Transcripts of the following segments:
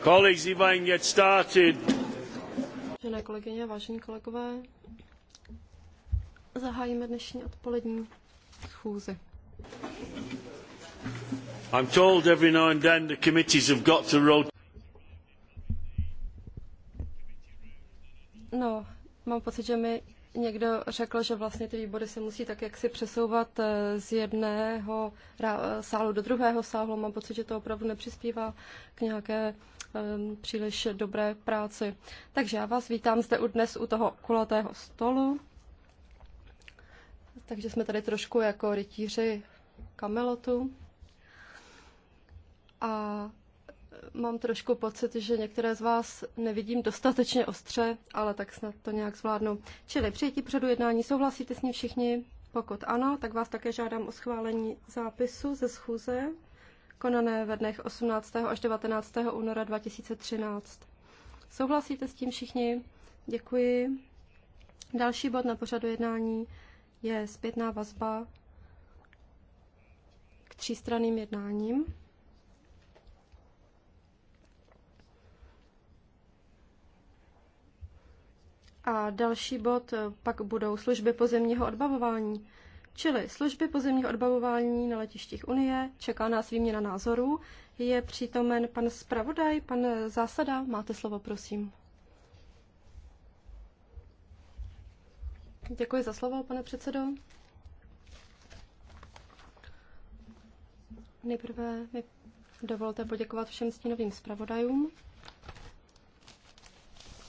Colleagues, if I can get started. Vážené kolegyně, vážení kolegové, zahájíme dnešní odpolední schůzi. I'm told every now and then the committees have got to roll. No, mám pocit, že mi Někdo řekl, že vlastně ty výbory se musí tak jaksi přesouvat eh, z jedného eh, sálu do druhého sálu. Mám pocit, že to opravdu nepřispívá k nějaké um, příliš dobré práci. Takže já vás vítám zde u dnes u toho kulatého stolu. Takže jsme tady trošku jako rytíři kamelotu. A mám trošku pocit, že některé z vás nevidím dostatečně ostře, ale tak snad to nějak zvládnu. Čili přijetí předu jednání, souhlasíte s ním všichni? Pokud ano, tak vás také žádám o schválení zápisu ze schůze konané ve dnech 18. až 19. února 2013. Souhlasíte s tím všichni? Děkuji. Další bod na pořadu jednání je zpětná vazba k třístranným jednáním. A další bod eh, pak budou služby pozemního odbavování. Čili služby pozemního odbavování na letištích Unie, čeká nás výměna názorů. Je přítomen pan zpravodaj, pan zásada, máte slovo, prosím. Děkuji za slovo, pane předsedo. Nejprve mi dovolte poděkovat všem stínovým zpravodajům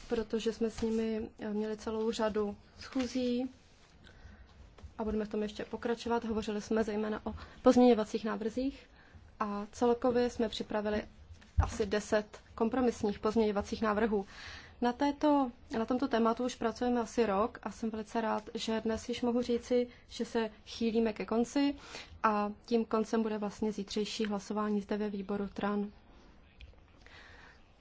protože jsme s nimi eh, měli celou řadu schůzí a budeme v tom ještě pokračovat. Hovořili jsme zejména o pozměňovacích návrzích a celkově jsme připravili asi 10 kompromisních pozměňovacích návrhů. Na, této, na tomto tématu už pracujeme asi rok a jsem velice rád, že dnes již mohu říci, že se chýlíme ke konci a tím koncem bude vlastně zítřejší hlasování zde ve výboru TRAN.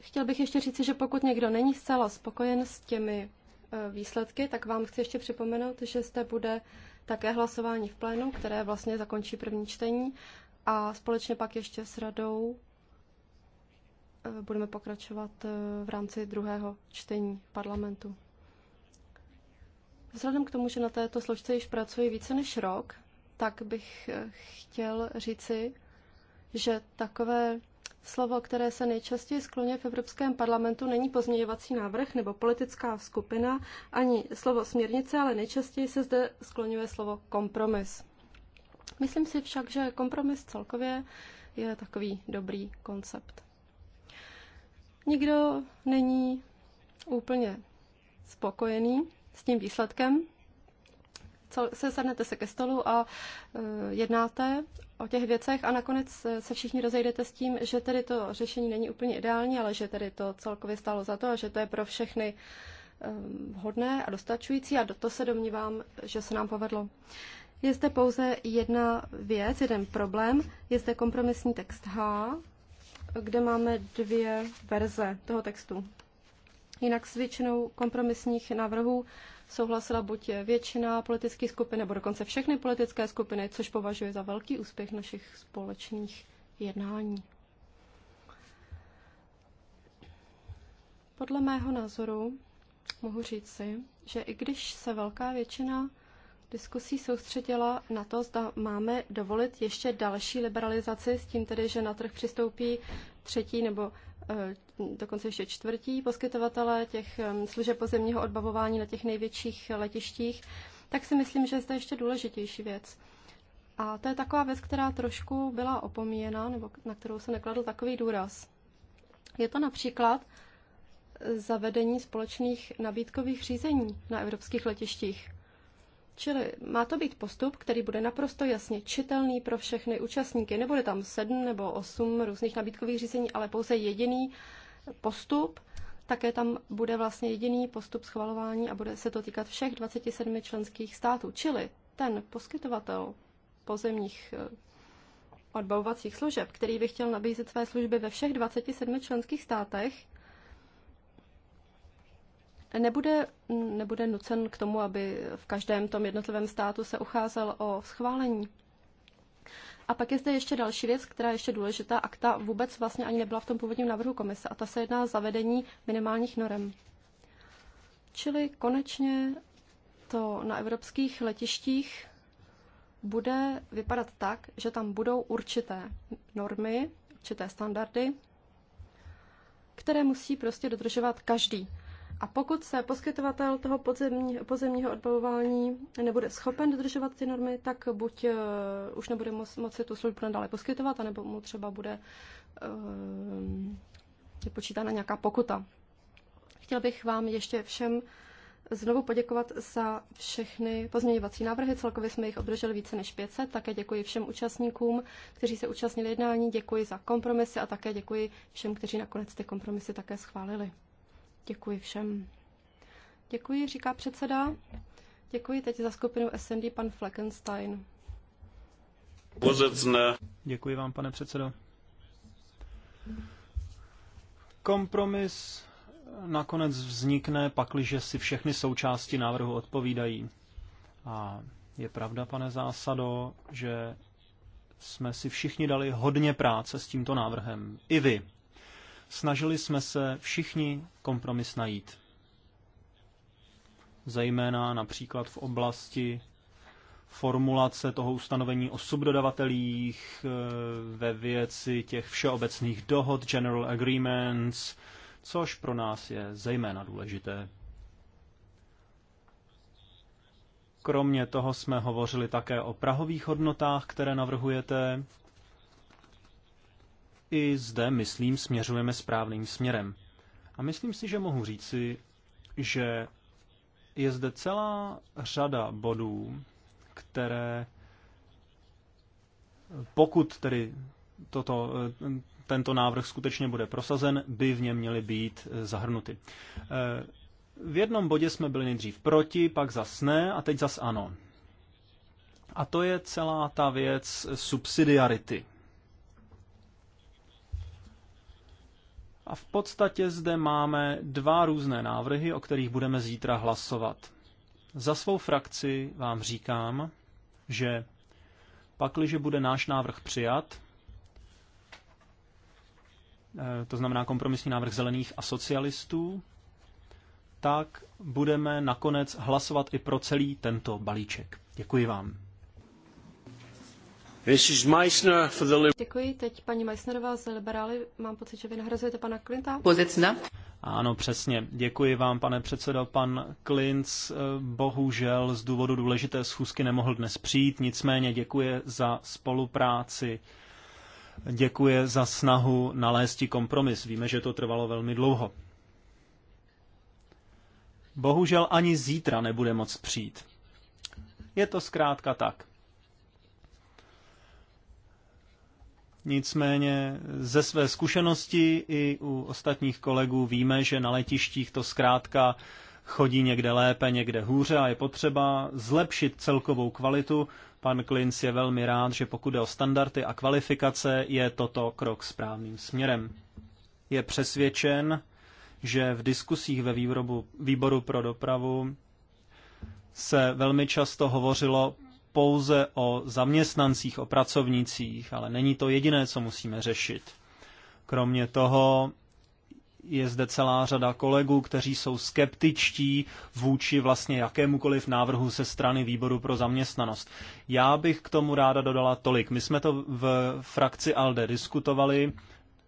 Chtěl bych ještě říci, že pokud někdo není zcela spokojen s těmi e, výsledky, tak vám chci ještě připomenout, že zde bude také hlasování v plénu, které vlastně zakončí první čtení a společně pak ještě s radou e, budeme pokračovat e, v rámci druhého čtení parlamentu. Vzhledem k tomu, že na této složce již pracuji více než rok, tak bych chtěl říci, že takové Slovo, které se nejčastěji skloně v Evropském parlamentu, není pozměňovací návrh nebo politická skupina, ani slovo směrnice, ale nejčastěji se zde skloňuje slovo kompromis. Myslím si však, že kompromis celkově je takový dobrý koncept. Nikdo není úplně spokojený s tím výsledkem, se sednete se ke stolu a e, jednáte o těch věcech a nakonec se všichni rozejdete s tím, že tedy to řešení není úplně ideální, ale že tedy to celkově stálo za to a že to je pro všechny e, vhodné a dostačující a to se domnívám, že se nám povedlo. Je zde pouze jedna věc, jeden problém. Je zde kompromisní text H, kde máme dvě verze toho textu. Jinak s většinou kompromisních návrhů souhlasila buď většina politických skupin, nebo dokonce všechny politické skupiny, což považuji za velký úspěch našich společných jednání. Podle mého názoru mohu říci, že i když se velká většina diskusí soustředila na to, zda máme dovolit ještě další liberalizaci, s tím tedy, že na trh přistoupí třetí nebo Eh, dokonce ještě čtvrtí poskytovatelé těch služeb pozemního odbavování na těch největších letištích, tak si myslím, že je zde ještě důležitější věc. A to je taková věc, která trošku byla opomíjena, nebo na kterou se nekladl takový důraz. Je to například zavedení společných nabídkových řízení na evropských letištích. Čili má to být postup, který bude naprosto jasně čitelný pro všechny účastníky. Nebude tam sedm nebo osm různých nabídkových řízení, ale pouze jediný postup. Také tam bude vlastně jediný postup schvalování a bude se to týkat všech 27 členských států. Čili ten poskytovatel pozemních eh, odbavovacích služeb, který by chtěl nabízet své služby ve všech 27 členských státech, nebude, nebude nucen k tomu, aby v každém tom jednotlivém státu se ucházel o schválení. A pak je zde ještě další věc, která je ještě důležitá a ta vůbec vlastně ani nebyla v tom původním návrhu komise a ta se jedná zavedení minimálních norem. Čili konečně to na evropských letištích bude vypadat tak, že tam budou určité normy, určité standardy, které musí prostě dodržovat každý. A pokud se poskytovatel toho podzemní, pozemního odbavování nebude schopen dodržovat ty normy, tak buď uh, už nebude mo- moci tu službu nadále poskytovat, anebo mu třeba bude uh, eh, vypočítána nějaká pokuta. Chtěl bych vám ještě všem znovu poděkovat za všechny pozměňovací návrhy. Celkově jsme jich obdrželi více než 500. Také děkuji všem účastníkům, kteří se účastnili jednání, děkuji za kompromisy a také děkuji všem, kteří nakonec ty kompromisy také schválili. Děkuji všem. Děkuji, říká předseda. Děkuji teď za skupinu SND pan Fleckenstein. Děkuji vám, pane předsedo. Kompromis nakonec vznikne, pakliže si všechny součásti návrhu odpovídají. A je pravda, pane zásado, že jsme si všichni dali hodně práce s tímto návrhem. I vy. Snažili jsme se všichni kompromis najít. Zejména například v oblasti formulace toho ustanovení o subdodavatelích eh, ve věci těch všeobecných dohod, general agreements, což pro nás je zejména důležité. Kromě toho jsme hovořili také o prahových hodnotách, které navrhujete, i zde, myslím, směřujeme správným směrem. A myslím si, že mohu říci, že je zde celá řada bodů, které pokud tedy toto, tento návrh skutečně bude prosazen, by v něm měly být zahrnuty. V jednom bodě jsme byli nejdřív proti, pak zas ne a teď zas ano. A to je celá ta věc subsidiarity. A v podstatě zde máme dva různé návrhy, o kterých budeme zítra hlasovat. Za svou frakci vám říkám, že pakliže bude náš návrh přijat, eh, to znamená kompromisní návrh zelených a socialistů, tak budeme nakonec hlasovat i pro celý tento balíček. Děkuji vám. Děkuji. Teď paní Meissnerová z Liberály. Mám pocit, že vy nahrazujete pana Klinta. Pozicna. Ano, přesně. Děkuji vám, pane předsedo. Pan Klinc eh, bohužel z důvodu důležité schůzky nemohl dnes přijít, nicméně děkuji za spolupráci. Děkuji za snahu nalézt kompromis. Víme, že to trvalo velmi dlouho. Bohužel ani zítra nebude moc přijít. Je to zkrátka tak. Nicméně ze své zkušenosti i u ostatních kolegů víme, že na letištích to zkrátka chodí někde lépe, někde hůře a je potřeba zlepšit celkovou kvalitu. Pan Klinc je velmi rád, že pokud je o standardy a kvalifikace, je toto krok správným směrem. Je přesvědčen, že v diskusích ve výboru, výboru pro dopravu se velmi často hovořilo pouze o zaměstnancích, o pracovnicích, ale není to jediné, co musíme řešit. Kromě toho je zde celá řada kolegů, kteří jsou skeptičtí vůči vlastně jakémukoliv návrhu se strany výboru pro zaměstnanost. Já bych k tomu ráda dodala tolik. My jsme to v frakci ALDE diskutovali.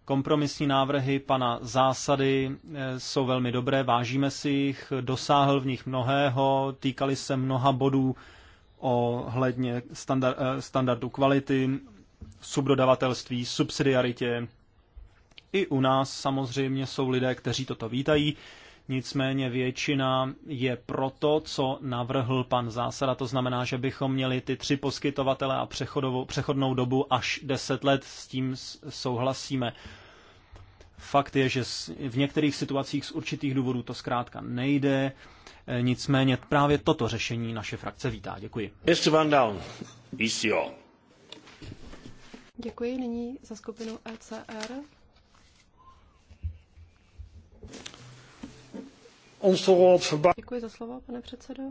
Kompromisní návrhy pana zásady eh, jsou velmi dobré, vážíme si jich, dosáhl v nich mnohého, týkali se mnoha bodů, ohledně standard, eh, standardu kvality, subdodavatelství, subsidiaritě. I u nás samozřejmě jsou lidé, kteří toto vítají, nicméně většina je proto, co navrhl pan Zásada. To znamená, že bychom měli ty tři poskytovatele a přechodnou dobu až 10 let, s tím souhlasíme. Fakt je, že v některých situacích z určitých důvodů to zkrátka nejde Nicméně právě toto řešení naše frakce vítá. Děkuji. Van Down, ICO. Děkuji. Nyní za skupinu ECR. Děkuji za slovo, pane předsedo.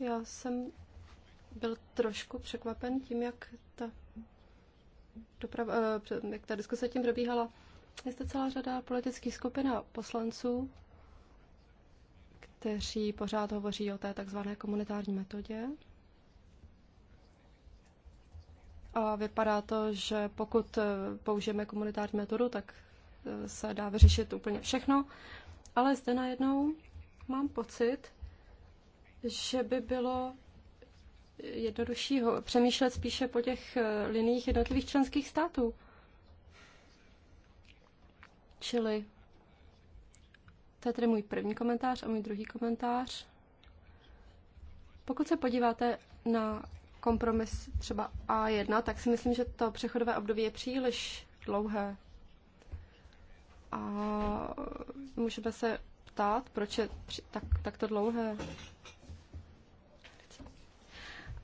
Já jsem byl trošku překvapen tím, jak ta, doprava, eh, jak ta diskuse tím probíhala. Je celá řada politických skupin a poslanců, kteří pořád hovoří o té takzvané komunitární metodě. A vypadá to, že pokud eh, použijeme komunitární metodu, tak eh, se dá vyřešit úplně všechno. Ale zde najednou mám pocit, že by bylo jednodušší přemýšlet spíše po těch eh, liních jednotlivých členských států. Čili to je tedy můj první komentář a můj druhý komentář. Pokud se podíváte na kompromis třeba A1, tak si myslím, že to přechodové období je příliš dlouhé. A můžeme se ptát, proč je tak, tak to dlouhé.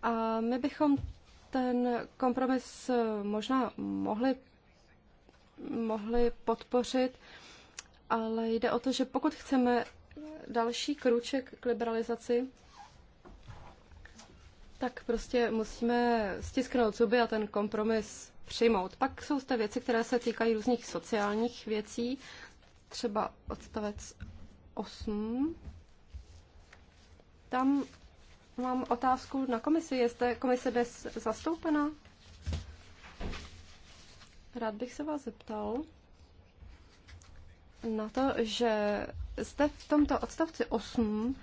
A my bychom ten kompromis možná mohli, mohli podpořit, ale jde o to, že pokud chceme další krůček k liberalizaci, tak prostě musíme stisknout zuby a ten kompromis přijmout. Pak jsou zde věci, které se týkají různých sociálních věcí, třeba odstavec 8. Tam mám otázku na komisi. Je zde komise dnes zastoupena? Rád bych se vás zeptal na to, že zde v tomto odstavci 8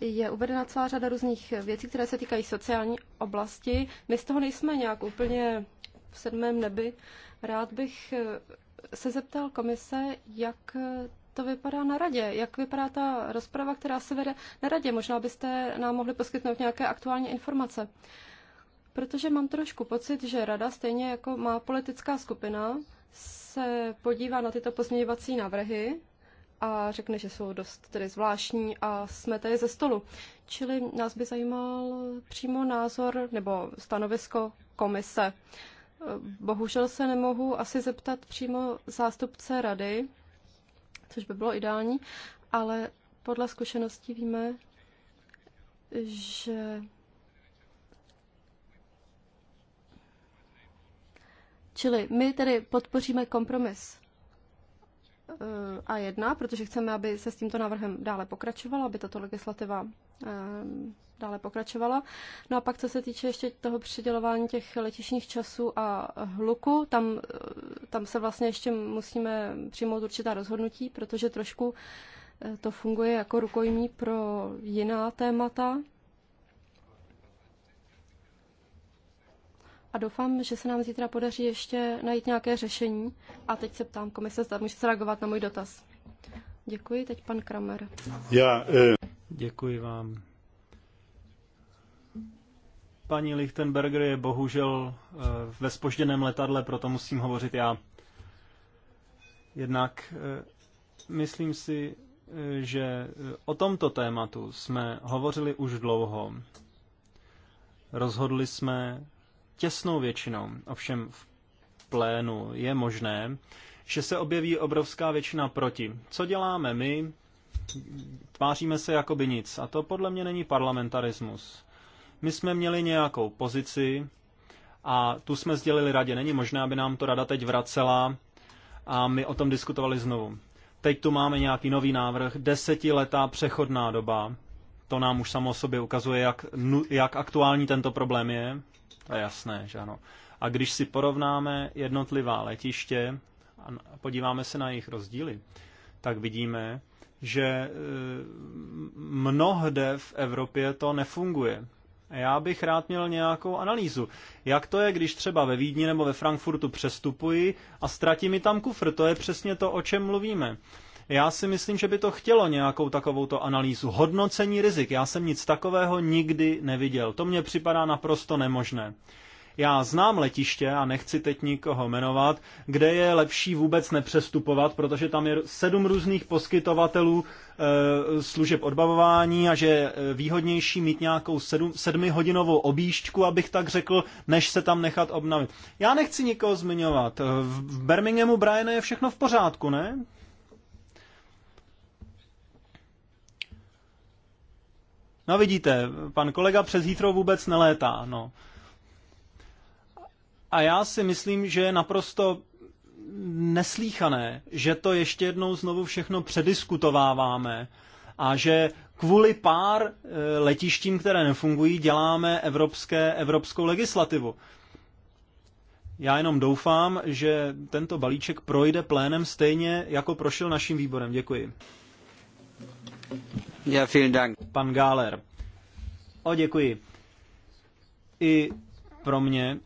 je uvedena celá řada různých věcí, které se týkají sociální oblasti. My z toho nejsme nějak úplně v sedmém nebi. Rád bych se zeptal komise, jak to vypadá na radě, jak vypadá ta rozprava, která se vede na radě. Možná byste nám mohli poskytnout nějaké aktuální informace. Protože mám trošku pocit, že rada, stejně jako má politická skupina, se podívá na tyto pozměňovací návrhy a řekne, že jsou dost tedy zvláštní a jsme tady ze stolu. Čili nás by zajímal přímo názor nebo stanovisko komise. Bohužel se nemohu asi zeptat přímo zástupce rady, což by bylo ideální, ale podle zkušeností víme, že Čili my tedy podpoříme kompromis eh, a jedna, protože chceme, aby se s tímto návrhem dále pokračovalo, aby tato legislativa eh, dále pokračovala. No a pak, co se týče ještě toho přidělování těch letišních časů a hluku, tam, eh, tam se vlastně ještě musíme přijmout určitá rozhodnutí, protože trošku to funguje jako rukojmí pro jiná témata, a doufám, že se nám zítra podaří ještě najít nějaké řešení. A teď se ptám komise, zda můžete reagovat na můj dotaz. Děkuji, teď pan Kramer. Já, e... Děkuji vám. Paní Lichtenberger je bohužel eh, ve spožděném letadle, proto musím hovořit já. Jednak eh, myslím si, že o tomto tématu jsme hovořili už dlouho. Rozhodli jsme těsnou většinou, ovšem v plénu je možné, že se objeví obrovská většina proti. Co děláme my? Tváříme se jako by nic. A to podle mě není parlamentarismus. My jsme měli nějakou pozici a tu jsme sdělili radě. Není možné, aby nám to rada teď vracela a my o tom diskutovali znovu. Teď tu máme nějaký nový návrh, desetiletá přechodná doba to nám už samo o sobě ukazuje, jak, jak aktuální tento problém je. To je jasné, že ano. A když si porovnáme jednotlivá letiště a podíváme se na jejich rozdíly, tak vidíme, že e, mnohde v Evropě to nefunguje. Já bych rád měl nějakou analýzu. Jak to je, když třeba ve Vídni nebo ve Frankfurtu přestupuji a ztratí mi tam kufr? To je přesně to, o čem mluvíme. Já si myslím, že by to chtělo nějakou takovouto analýzu. Hodnocení rizik. Já jsem nic takového nikdy neviděl. To mně připadá naprosto nemožné. Já znám letiště, a nechci teď nikoho jmenovat, kde je lepší vůbec nepřestupovat, protože tam je sedm různých poskytovatelů e, služeb odbavování a že je eh, výhodnější mít nějakou sedm, sedmihodinovou objížďku, abych tak řekl, než se tam nechat obnavit. Já nechci nikoho zmiňovat. V, eh, v Birminghamu, Brian, je všechno v pořádku, ne? No vidíte, pan kolega přes Heathrow vůbec nelétá, no. A já si myslím, že je naprosto neslíchané, že to ještě jednou znovu všechno přediskutováváme a že kvůli pár e, letištím, které nefungují, děláme evropské, evropskou legislativu. Já jenom doufám, že tento balíček projde plénem stejně, jako prošel naším výborem. Děkuji. Pan Gáler. O, děkuji. I pro mě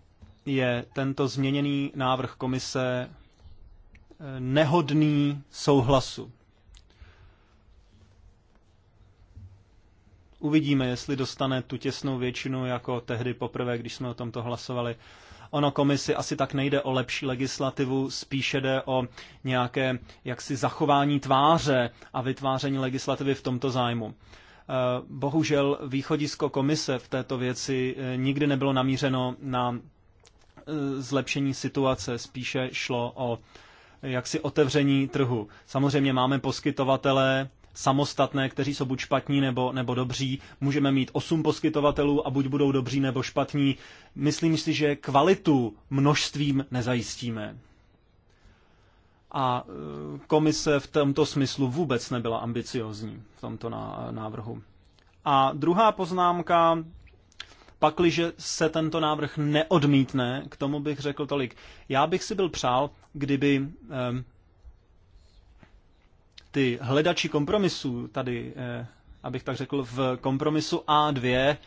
je tento změněný návrh komise eh, nehodný souhlasu. Uvidíme, jestli dostane tu těsnou většinu, jako tehdy poprvé, když jsme o tomto hlasovali. Ono komisi asi tak nejde o lepší legislativu, spíše jde o nějaké jaksi zachování tváře a vytváření legislativy v tomto zájmu. Eh, bohužel východisko komise v této věci eh, nikdy nebylo namířeno na eh, zlepšení situace, spíše šlo o jaksi otevření trhu. Samozřejmě máme poskytovatele, samostatné, kteří jsou buď špatní nebo, nebo dobří. Můžeme mít osm poskytovatelů a buď budou dobří nebo špatní. Myslím si, že kvalitu množstvím nezajistíme. A e, komise v tomto smyslu vůbec nebyla ambiciozní v tomto návrhu. A druhá poznámka, pakliže se tento návrh neodmítne, k tomu bych řekl tolik. Já bych si byl přál, kdyby e, ty hledači kompromisů tady, eh, abych tak řekl, v kompromisu A2 eh,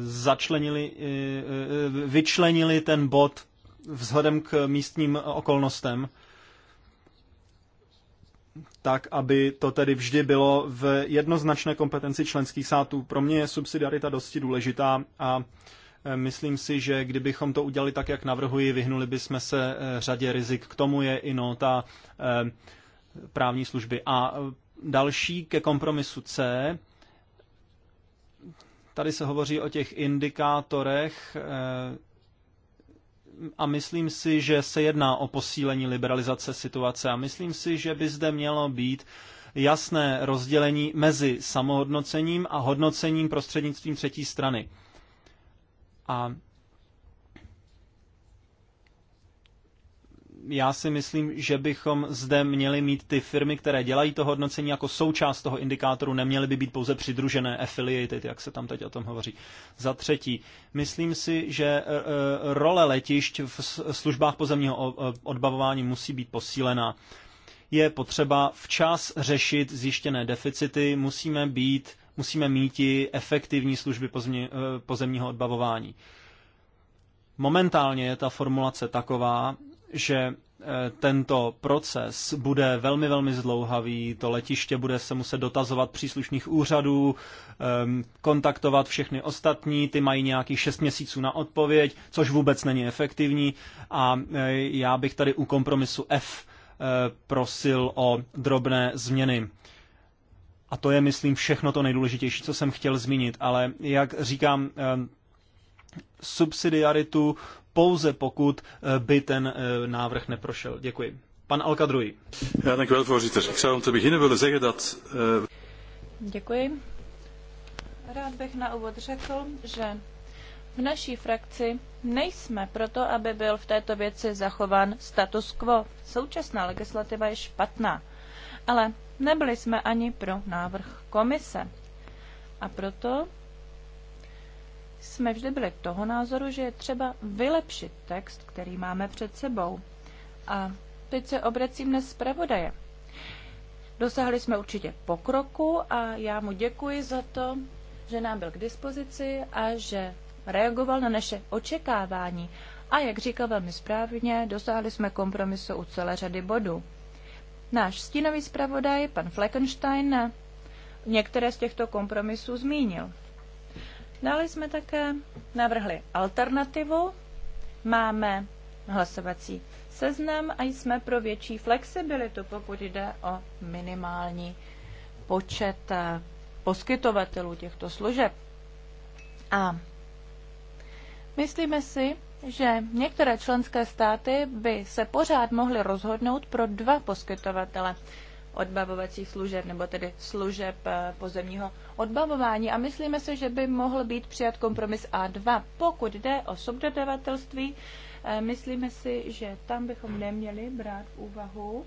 začlenili, eh, vyčlenili ten bod vzhledem k místním okolnostem, tak, aby to tedy vždy bylo v jednoznačné kompetenci členských států. Pro mě je subsidiarita dosti důležitá a Eh, myslím si, že kdybychom to udělali tak, jak navrhuji, vyhnuli bychom se eh, řadě rizik. K tomu je i nota eh, právní služby. A další ke kompromisu C. Tady se hovoří o těch indikátorech a myslím si, že se jedná o posílení liberalizace situace a myslím si, že by zde mělo být jasné rozdělení mezi samohodnocením a hodnocením prostřednictvím třetí strany. A já si myslím, že bychom zde měli mít ty firmy, které dělají to hodnocení jako součást toho indikátoru, neměly by být pouze přidružené affiliated, jak se tam teď o tom hovoří. Za třetí, myslím si, že e, e, role letišť v službách pozemního e, odbavování musí být posílena. Je potřeba včas řešit zjištěné deficity, musíme být musíme mít i efektivní služby eh, pozemního odbavování. Momentálně je ta formulace taková, že eh, tento proces bude velmi, velmi zdlouhavý. To letiště bude se muset dotazovat příslušných úřadů, ehm, kontaktovat všechny ostatní, ty mají nějakých 6 měsíců na odpověď, což vůbec není efektivní. A eh, já bych tady u kompromisu F prosil o drobné změny. A to je, myslím, všechno to nejdůležitější, co jsem chtěl zmínit. Ale jak říkám, ehm, subsidiaritu pouze pokud eh, by ten eh, návrh neprošel. Děkuji. Pan Alka druhý. Já u wel, voorzitter. Ik zou om te beginnen willen zeggen dat... Eh, děkuji. Rád bych na úvod řekl, že v naší frakci nejsme proto, aby byl v této věci zachován status quo. Současná legislativa je špatná. Ale Nebyli jsme ani pro návrh komise. A proto jsme vždy byli toho názoru, že je třeba vylepšit text, který máme před sebou. A teď se obracím dnes zpravodaje. Dosáhli jsme určitě pokroku a já mu děkuji za to, že nám byl k dispozici a že reagoval na naše očekávání. A jak říkal velmi správně, dosáhli jsme kompromisu u celé řady bodů. Náš stínový zpravodaj, pan Fleckenstein, některé z těchto kompromisů zmínil. Dále jsme také navrhli alternativu. Máme hlasovací seznam a jsme pro větší flexibilitu, pokud jde o minimální počet eh, poskytovatelů těchto služeb. A myslíme si, že některé členské státy by se pořád mohly rozhodnout pro dva poskytovatele odbavovacích služeb, nebo tedy služeb eh, pozemního odbavování. A myslíme si, že by mohl být přijat kompromis A2. Pokud jde o subdodavatelství, eh, myslíme si, že tam bychom neměli brát v úvahu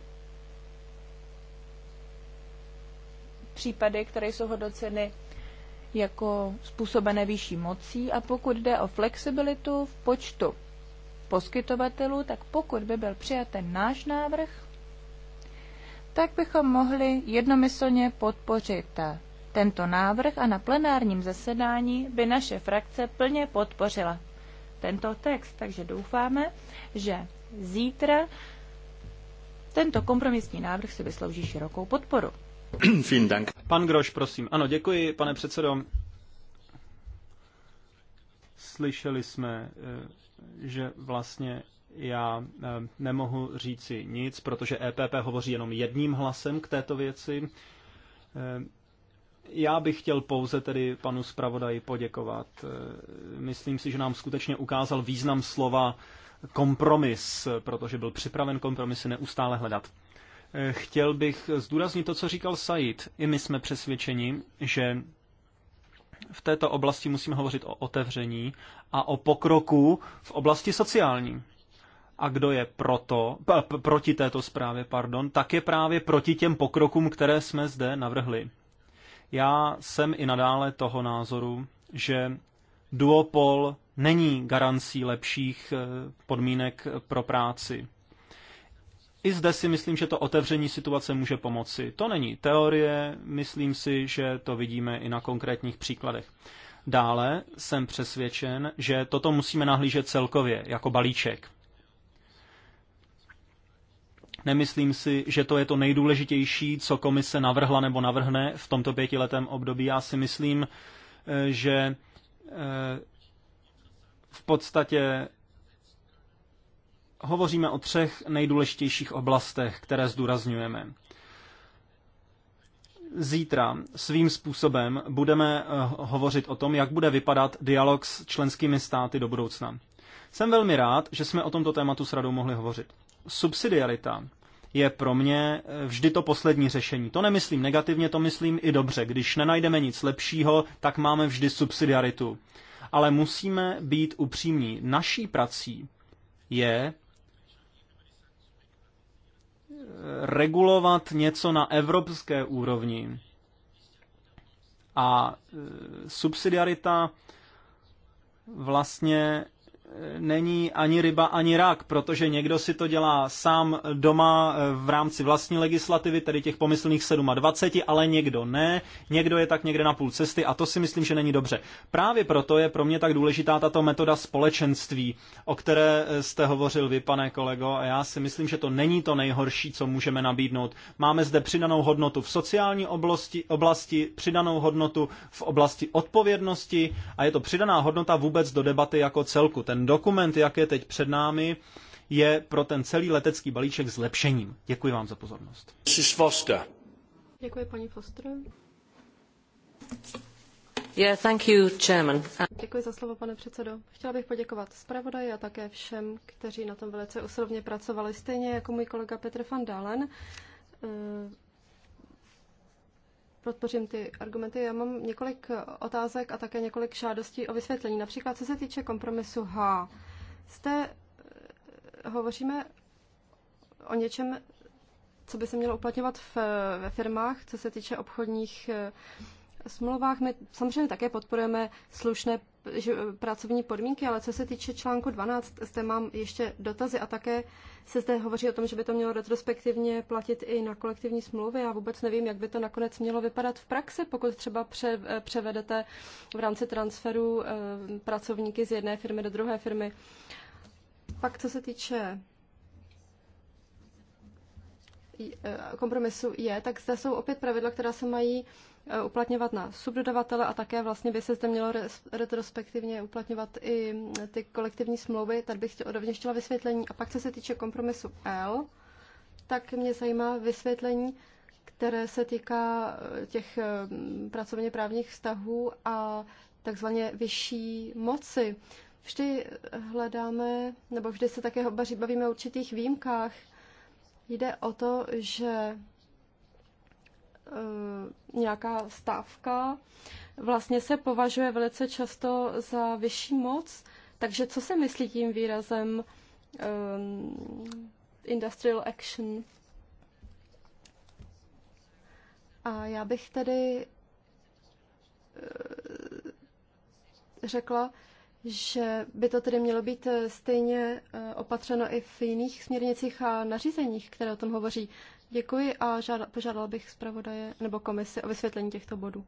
případy, které jsou hodnoceny jako způsobené vyšší mocí a pokud jde o flexibilitu v počtu poskytovatelů, tak pokud by byl přijat ten náš návrh, tak bychom mohli jednomyslně podpořit tento návrh a na plenárním zasedání by naše frakce plně podpořila tento text. Takže doufáme, že zítra tento kompromisní návrh si vyslouží širokou podporu. Pan Groš, prosím. Ano, děkuji, pane předsedo. Slyšeli jsme, eh, že vlastně já eh, nemohu říci nic, protože EPP hovoří jenom jedním hlasem k této věci. Eh, já bych chtěl pouze tedy panu zpravodaji poděkovat. Myslím si, že nám skutečně ukázal význam slova kompromis, protože byl připraven kompromisy neustále hledat. Chtěl bych zdůraznit to, co říkal Said. I my jsme přesvědčeni, že v této oblasti musíme hovořit o otevření a o pokroku v oblasti sociální. A kdo je proto, p- proti této zprávě, pardon, tak je právě proti těm pokrokům, které jsme zde navrhli. Já jsem i nadále toho názoru, že duopol není garancí lepších eh, podmínek pro práci. I zde si myslím, že to otevření situace může pomoci. To není teorie, myslím si, že to vidíme i na konkrétních příkladech. Dále jsem přesvědčen, že toto musíme nahlížet celkově, jako balíček. Nemyslím si, že to je to nejdůležitější, co komise navrhla nebo navrhne v tomto pětiletém období. Já si myslím, eh, že eh, v podstatě Hovoříme o třech nejdůležitějších oblastech, které zdůrazňujeme. Zítra svým způsobem budeme eh, hovořit o tom, jak bude vypadat dialog s členskými státy do budoucna. Jsem velmi rád, že jsme o tomto tématu s radou mohli hovořit. Subsidiarita je pro mě eh, vždy to poslední řešení. To nemyslím negativně, to myslím i dobře. Když nenajdeme nic lepšího, tak máme vždy subsidiaritu. Ale musíme být upřímní. Naší prací je regulovat něco na evropské úrovni. A e, subsidiarita vlastně není ani ryba, ani rak, protože někdo si to dělá sám doma eh, v rámci vlastní legislativy, tedy těch pomyslných 27, ale někdo ne, někdo je tak někde na půl cesty a to si myslím, že není dobře. Právě proto je pro mě tak důležitá tato metoda společenství, o které eh, jste hovořil vy, pane kolego, a já si myslím, že to není to nejhorší, co můžeme nabídnout. Máme zde přidanou hodnotu v sociální oblasti, oblasti přidanou hodnotu v oblasti odpovědnosti a je to přidaná hodnota vůbec do debaty jako celku ten dokument, jak je teď před námi, je pro ten celý letecký balíček zlepšením. Děkuji vám za pozornost. Mrs. Foster. Děkuji, paní Foster. Yeah, thank you, chairman. Děkuji za slovo, pane předsedo. Chtěla bych poděkovat zpravodaji a také všem, kteří na tom velice usilovně pracovali, stejně jako můj kolega Petr van Dalen eh, podpořím ty argumenty. Já mám několik otázek a také několik žádostí o vysvětlení. Například, co se týče kompromisu H. Zde eh, hovoříme o něčem, co by se mělo uplatňovat v, ve firmách, co se týče obchodních eh, smlouvách. My samozřejmě také podporujeme slušné eh, pracovní podmínky, ale co se týče článku 12, zde mám ještě dotazy a také se zde hovoří o tom, že by to mělo retrospektivně platit i na kolektivní smlouvy. Já vůbec nevím, jak by to nakonec mělo vypadat v praxi, pokud třeba pře, eh, převedete v rámci transferu eh, pracovníky z jedné firmy do druhé firmy. Pak co se týče Eh, kompromisu je, tak zde jsou opět pravidla, která se mají eh, uplatňovat na subdodavatele a také vlastně by se zde mělo retrospektivně uplatňovat i eh, ty kolektivní smlouvy. Tady bych chtěl, rovněž chtěla vysvětlení. A pak, co se týče kompromisu L, tak mě zajímá vysvětlení, které se týká těch pracovně právních vztahů a takzvaně vyšší moci. Vždy hledáme, nebo vždy se také bavíme o určitých výjimkách, Jde o to, že eh, nějaká stávka vlastně se považuje velice často za vyšší moc. Takže co se myslí tím výrazem e, industrial action? A já bych tedy eh, řekla, že by to tedy mělo být eh, stejně eh, opatřeno i v jiných směrnicích a nařízeních, které o tom hovoří. Děkuji a žádal, požádal bych zpravodaje nebo komisi o vysvětlení těchto bodů.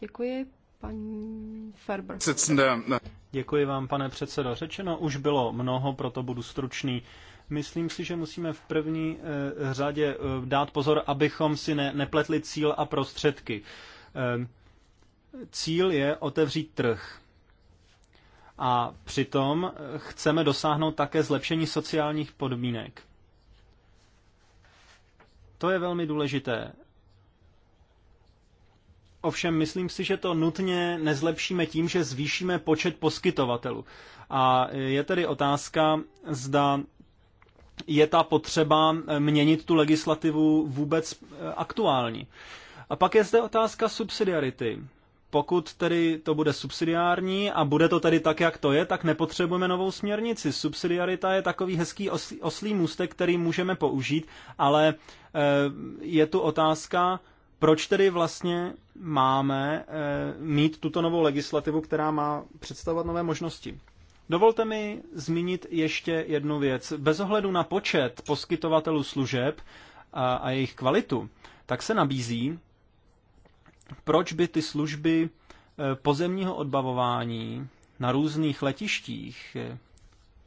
Děkuji, paní Ferber. Děkuji vám, pane předsedo. Řečeno už bylo mnoho, proto budu stručný. Myslím si, že musíme v první eh, řadě dát pozor, abychom si ne, nepletli cíl a prostředky. cíl je otevřít trh a přitom eh, chceme dosáhnout také zlepšení sociálních podmínek. To je velmi důležité. Ovšem, myslím si, že to nutně nezlepšíme tím, že zvýšíme počet poskytovatelů. A je tedy otázka, zda je ta potřeba eh, měnit tu legislativu vůbec eh, aktuální. A pak je zde otázka subsidiarity. Pokud tedy to bude subsidiární a bude to tedy tak, jak to je, tak nepotřebujeme novou směrnici. Subsidiarita je takový hezký oslý, oslý můstek, který můžeme použít, ale eh, je tu otázka, proč tedy vlastně máme eh, mít tuto novou legislativu, která má představovat nové možnosti. Dovolte mi zmínit ještě jednu věc. Bez ohledu na počet poskytovatelů služeb a, eh, a jejich kvalitu, tak se nabízí, proč by ty služby eh, pozemního odbavování na různých letištích, eh,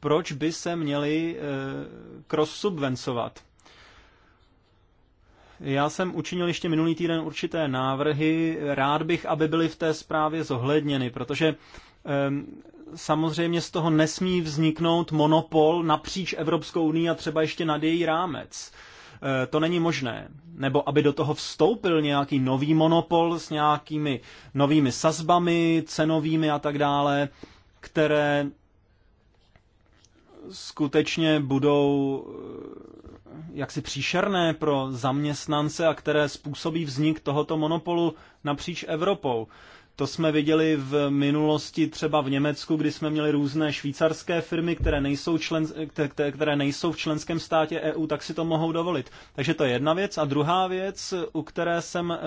proč by se měly eh, cross-subvencovat? Já jsem učinil ještě minulý týden určité návrhy. Rád bych, aby byly v té zprávě zohledněny, protože ehm, samozřejmě z toho nesmí vzniknout monopol napříč Evropskou unii a třeba ještě nad její rámec. Eh, to není možné. Nebo aby do toho vstoupil nějaký nový monopol s nějakými novými sazbami, cenovými a tak dále, které skutečně budou eh, jaksi příšerné pro zaměstnance a které způsobí vznik tohoto monopolu napříč Evropou. To jsme viděli v minulosti třeba v Německu, kdy jsme měli různé švýcarské firmy, které nejsou, člen, které nejsou v členském státě EU, tak si to mohou dovolit. Takže to je jedna věc. A druhá věc, u které jsem eh,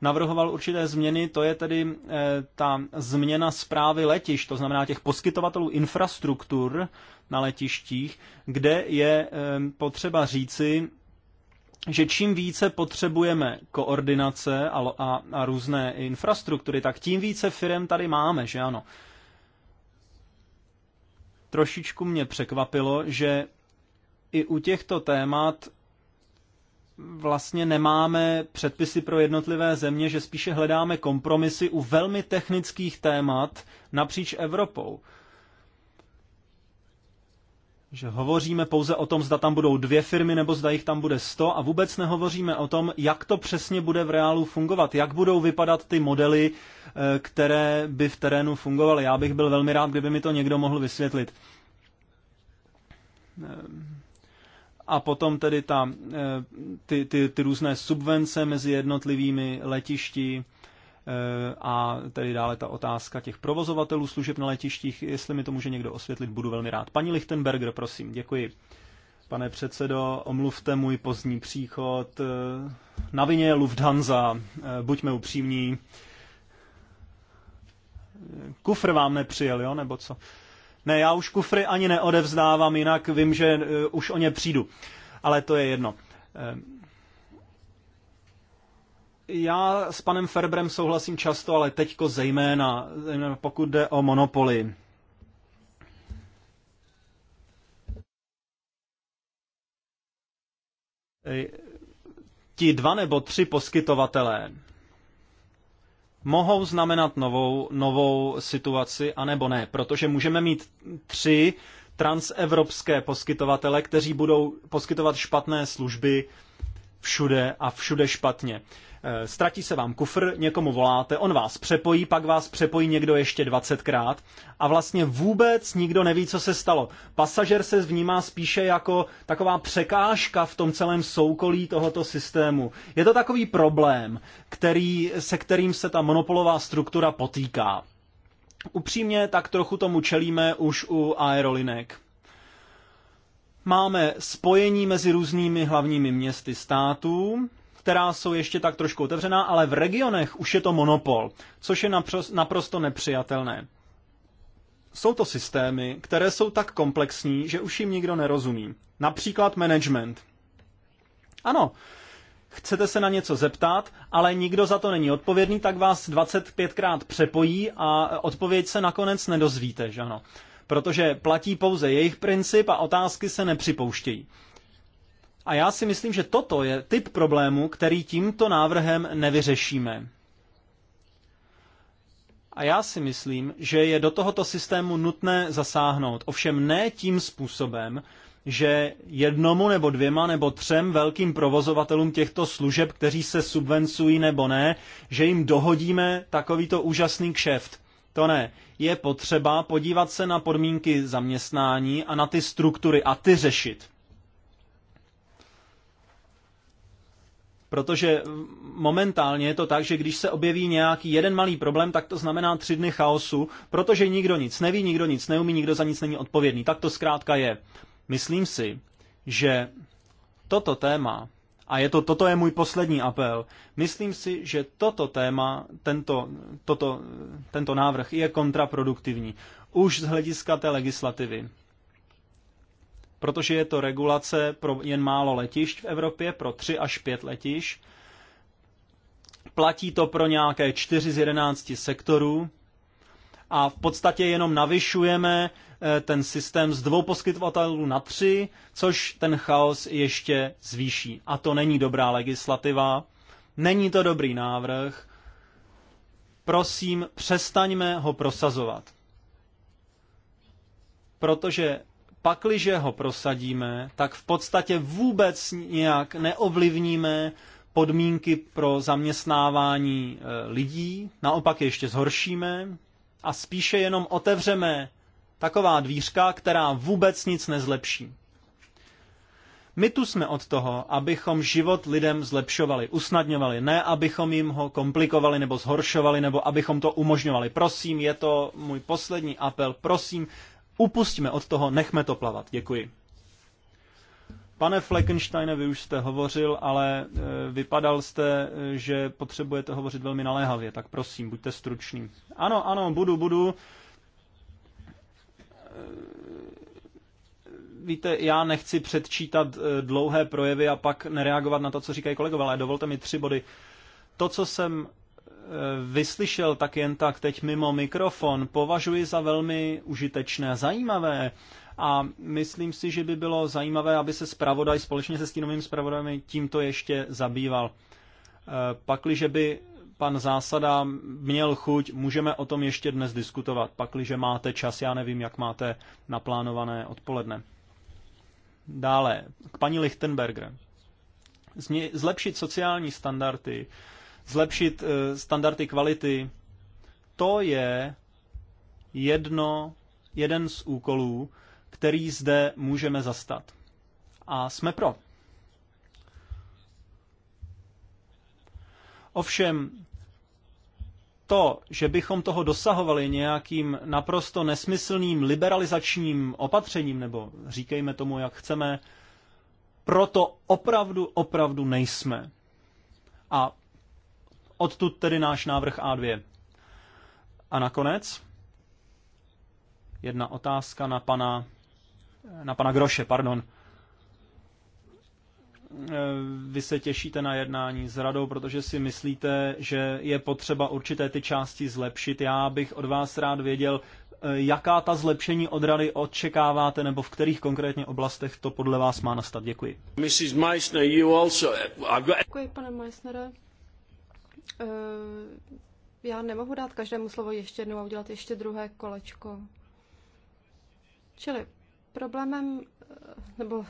navrhoval určité změny, to je tedy eh, ta změna zprávy letiš, to znamená těch poskytovatelů infrastruktur na letištích, kde je eh, potřeba říci, že čím více potřebujeme koordinace a, a, a různé infrastruktury, tak tím více firm tady máme, že ano. Trošičku mě překvapilo, že i u těchto témat vlastně nemáme předpisy pro jednotlivé země, že spíše hledáme kompromisy u velmi technických témat napříč Evropou že hovoříme pouze o tom, zda tam budou dvě firmy nebo zda jich tam bude sto a vůbec nehovoříme o tom, jak to přesně bude v reálu fungovat, jak budou vypadat ty modely, eh, které by v terénu fungovaly. Já bych byl velmi rád, kdyby mi to někdo mohl vysvětlit. Eh, a potom tedy ta, eh, ty, ty, ty různé subvence mezi jednotlivými letišti, Eh, a tedy dále ta otázka těch provozovatelů služeb na letištích, jestli mi to může někdo osvětlit, budu velmi rád. Paní Lichtenberger, prosím, děkuji. Pane předsedo, omluvte můj pozdní příchod. Eh, na vině je Lufthansa, eh, buďme upřímní. Kufr vám nepřijel, jo, nebo co? Ne, já už kufry ani neodevzdávám, jinak vím, že už o ně přijdu. Ale to je jedno. Já s panem Ferbrem souhlasím často, ale teďko zejména, zejména pokud jde o monopoly. Ti dva nebo tři poskytovatelé mohou znamenat novou, novou situaci, anebo ne, protože můžeme mít tři transevropské poskytovatele, kteří budou poskytovat špatné služby všude a všude špatně. Eh, ztratí se vám kufr, někomu voláte, on vás přepojí, pak vás přepojí někdo ještě 20krát a vlastně vůbec nikdo neví, co se stalo. Pasažer se vnímá spíše jako taková překážka v tom celém soukolí tohoto systému. Je to takový problém, který, se kterým se ta monopolová struktura potýká. Upřímně tak trochu tomu čelíme už u aerolinek máme spojení mezi různými hlavními městy států, která jsou ještě tak trošku otevřená, ale v regionech už je to monopol, což je naprosto nepřijatelné. Jsou to systémy, které jsou tak komplexní, že už jim nikdo nerozumí. Například management. Ano, chcete se na něco zeptat, ale nikdo za to není odpovědný, tak vás 25krát přepojí a odpověď se nakonec nedozvíte, že ano? Protože platí pouze jejich princip a otázky se nepřipouštějí. A já si myslím, že toto je typ problému, který tímto návrhem nevyřešíme. A já si myslím, že je do tohoto systému nutné zasáhnout. Ovšem ne tím způsobem, že jednomu nebo dvěma nebo třem velkým provozovatelům těchto služeb, kteří se subvencují nebo ne, že jim dohodíme takovýto úžasný kšeft. To ne. Je potřeba podívat se na podmínky zaměstnání a na ty struktury a ty řešit. Protože momentálně je to tak, že když se objeví nějaký jeden malý problém, tak to znamená tři dny chaosu, protože nikdo nic neví, nikdo nic neumí, nikdo za nic není odpovědný. Tak to zkrátka je. Myslím si, že toto téma, a je to, toto je můj poslední apel, myslím si, že toto téma, tento, toto, tento návrh je kontraproduktivní. Už z hlediska té legislativy protože je to regulace pro jen málo letišť v Evropě, pro 3 až 5 letišť. Platí to pro nějaké 4 z 11 sektorů a v podstatě jenom navyšujeme eh, ten systém z dvou poskytovatelů na tři, což ten chaos ještě zvýší. A to není dobrá legislativa, není to dobrý návrh. Prosím, přestaňme ho prosazovat. Protože pakliže ho prosadíme, tak v podstatě vůbec nějak neovlivníme podmínky pro zaměstnávání e, lidí, naopak ještě zhoršíme a spíše jenom otevřeme taková dvířka, která vůbec nic nezlepší. My tu jsme od toho, abychom život lidem zlepšovali, usnadňovali, ne abychom jim ho komplikovali nebo zhoršovali, nebo abychom to umožňovali. Prosím, je to můj poslední apel, prosím, upustíme od toho, nechme to plavat. Děkuji. Pane Fleckensteine, vy už jste hovořil, ale e, vypadal jste, e, že potřebujete hovořit velmi naléhavě, tak prosím, buďte stručný. Ano, ano, budu, budu. E, víte, já nechci předčítat dlouhé projevy a pak nereagovat na to, co říkají kolegové, ale dovolte mi tři body. To, co jsem vyslyšel tak jen tak teď mimo mikrofon, považuji za velmi užitečné a zajímavé. A myslím si, že by bylo zajímavé, aby se zpravodaj společně se stínovým zpravodajem tímto ještě zabýval. Eh, pakliže by pan Zásada měl chuť, můžeme o tom ještě dnes diskutovat, pakliže máte čas, já nevím, jak máte naplánované odpoledne. Dále, k paní Lichtenberger. Zlepšit sociální standardy zlepšit eh, standardy kvality, to je jedno, jeden z úkolů, který zde můžeme zastat. A jsme pro. Ovšem, to, že bychom toho dosahovali nějakým naprosto nesmyslným liberalizačním opatřením, nebo říkejme tomu, jak chceme, proto opravdu, opravdu nejsme. A Odtud tedy náš návrh A2. A nakonec jedna otázka na pana, na pana Groše, pardon. Eh, vy se těšíte na jednání s radou, protože si myslíte, že je potřeba určité ty části zlepšit. Já bych od vás rád věděl, eh, jaká ta zlepšení od rady očekáváte, nebo v kterých konkrétně oblastech to podle vás má nastat. Děkuji. Mrs. Meissner, you also... Děkuji, pane Meissnere. Eh, já nemohu dát každému slovo ještě jednou a udělat ještě druhé kolečko. Čili problémem, eh, nebo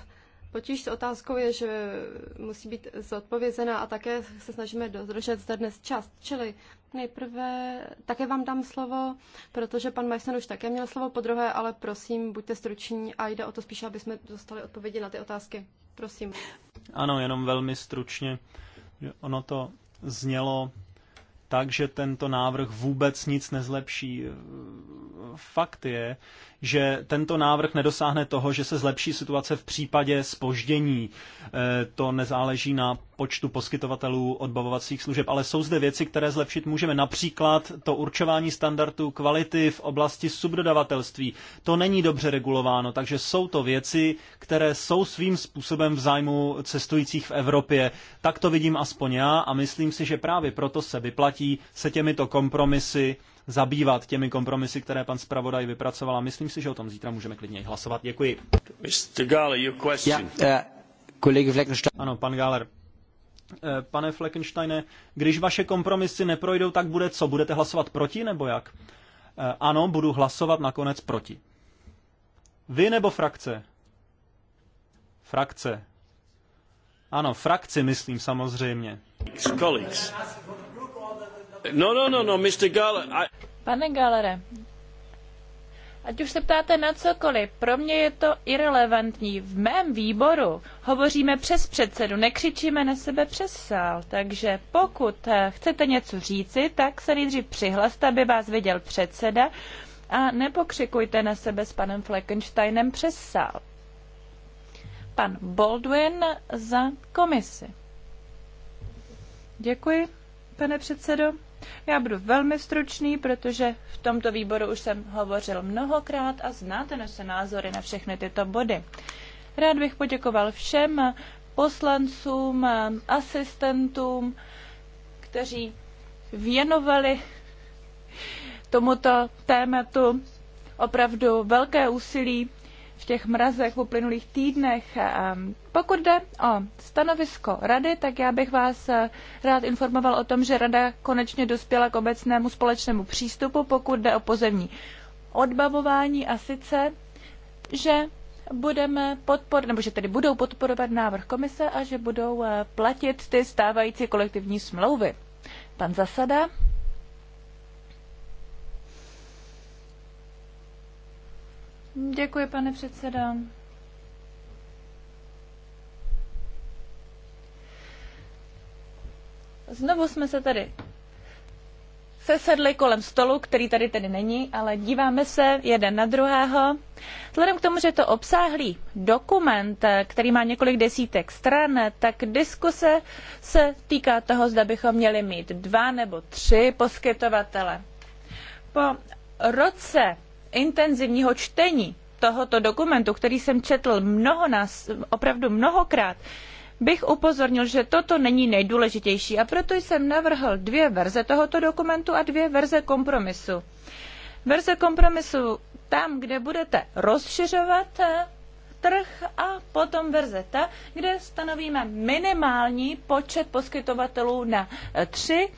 potíž s otázkou je, že musí být zodpovězená a také se snažíme dodržet zde dnes čas. Čili nejprve také vám dám slovo, protože pan Majsen už také měl slovo, po druhé, ale prosím, buďte struční a jde o to spíše, aby jsme dostali odpovědi na ty otázky. Prosím. Ano, jenom velmi stručně. Ono to znělo tak, že tento návrh vůbec nic nezlepší. Fakt je, že tento návrh nedosáhne toho, že se zlepší situace v případě spoždění. Eh, to nezáleží na počtu poskytovatelů odbavovacích služeb, ale jsou zde věci, které zlepšit můžeme. Například to určování standardů kvality v oblasti subdodavatelství. To není dobře regulováno, takže jsou to věci, které jsou svým způsobem v zájmu cestujících v Evropě. Tak to vidím aspoň já a myslím si, že právě proto se vyplatí možností se těmito kompromisy zabývat, těmi kompromisy, které pan zpravodaj vypracoval. A myslím si, že o tom zítra můžeme klidně hlasovat. Děkuji. Mr. Gale, your question. Yeah, uh, Fleckenstein. Ano, pan Galer. Eh, pane Fleckensteine, když vaše kompromisy neprojdou, tak bude co? Budete hlasovat proti nebo jak? Eh, ano, budu hlasovat nakonec proti. Vy nebo frakce? Frakce. Ano, frakci myslím samozřejmě. Colleagues. No, no, no, no, Mr. I... Pane Galere, ať už se ptáte na cokoliv, pro mě je to irrelevantní. V mém výboru hovoříme přes předsedu, nekřičíme na sebe přes sál, takže pokud eh, chcete něco říci, tak se nejdřív přihlaste, aby vás viděl předseda a nepokřikujte na sebe s panem Fleckensteinem přes sál. Pan Baldwin za komisi. Děkuji, pane předsedo. Já budu velmi stručný, protože v tomto výboru už jsem hovořil mnohokrát a znáte naše názory na všechny tyto body. Rád bych poděkoval všem poslancům, asistentům, kteří věnovali tomuto tématu opravdu velké úsilí v těch mrazech v uplynulých týdnech. Um, pokud jde o stanovisko rady, tak já bych vás eh, rád informoval o tom, že rada konečně dospěla k obecnému společnému přístupu, pokud jde o pozemní odbavování a sice, že budeme podpor, nebo že tedy budou podporovat návrh komise a že budou eh, platit ty stávající kolektivní smlouvy. Pan Zasada. Děkuji, pane předseda. Znovu jsme se tady sesedli kolem stolu, který tady tedy není, ale díváme se jeden na druhého. Vzhledem k tomu, že to obsáhlý dokument, který má několik desítek stran, tak diskuse se týká toho, zda bychom měli mít dva nebo tři poskytovatele. Po roce intenzivního čtení tohoto dokumentu, který jsem četl mnoho nás, opravdu mnohokrát, bych upozornil, že toto není nejdůležitější a proto jsem navrhl dvě verze tohoto dokumentu a dvě verze kompromisu. Verze kompromisu tam, kde budete rozšiřovat eh, trh a potom verze ta, kde stanovíme minimální počet poskytovatelů na eh, tři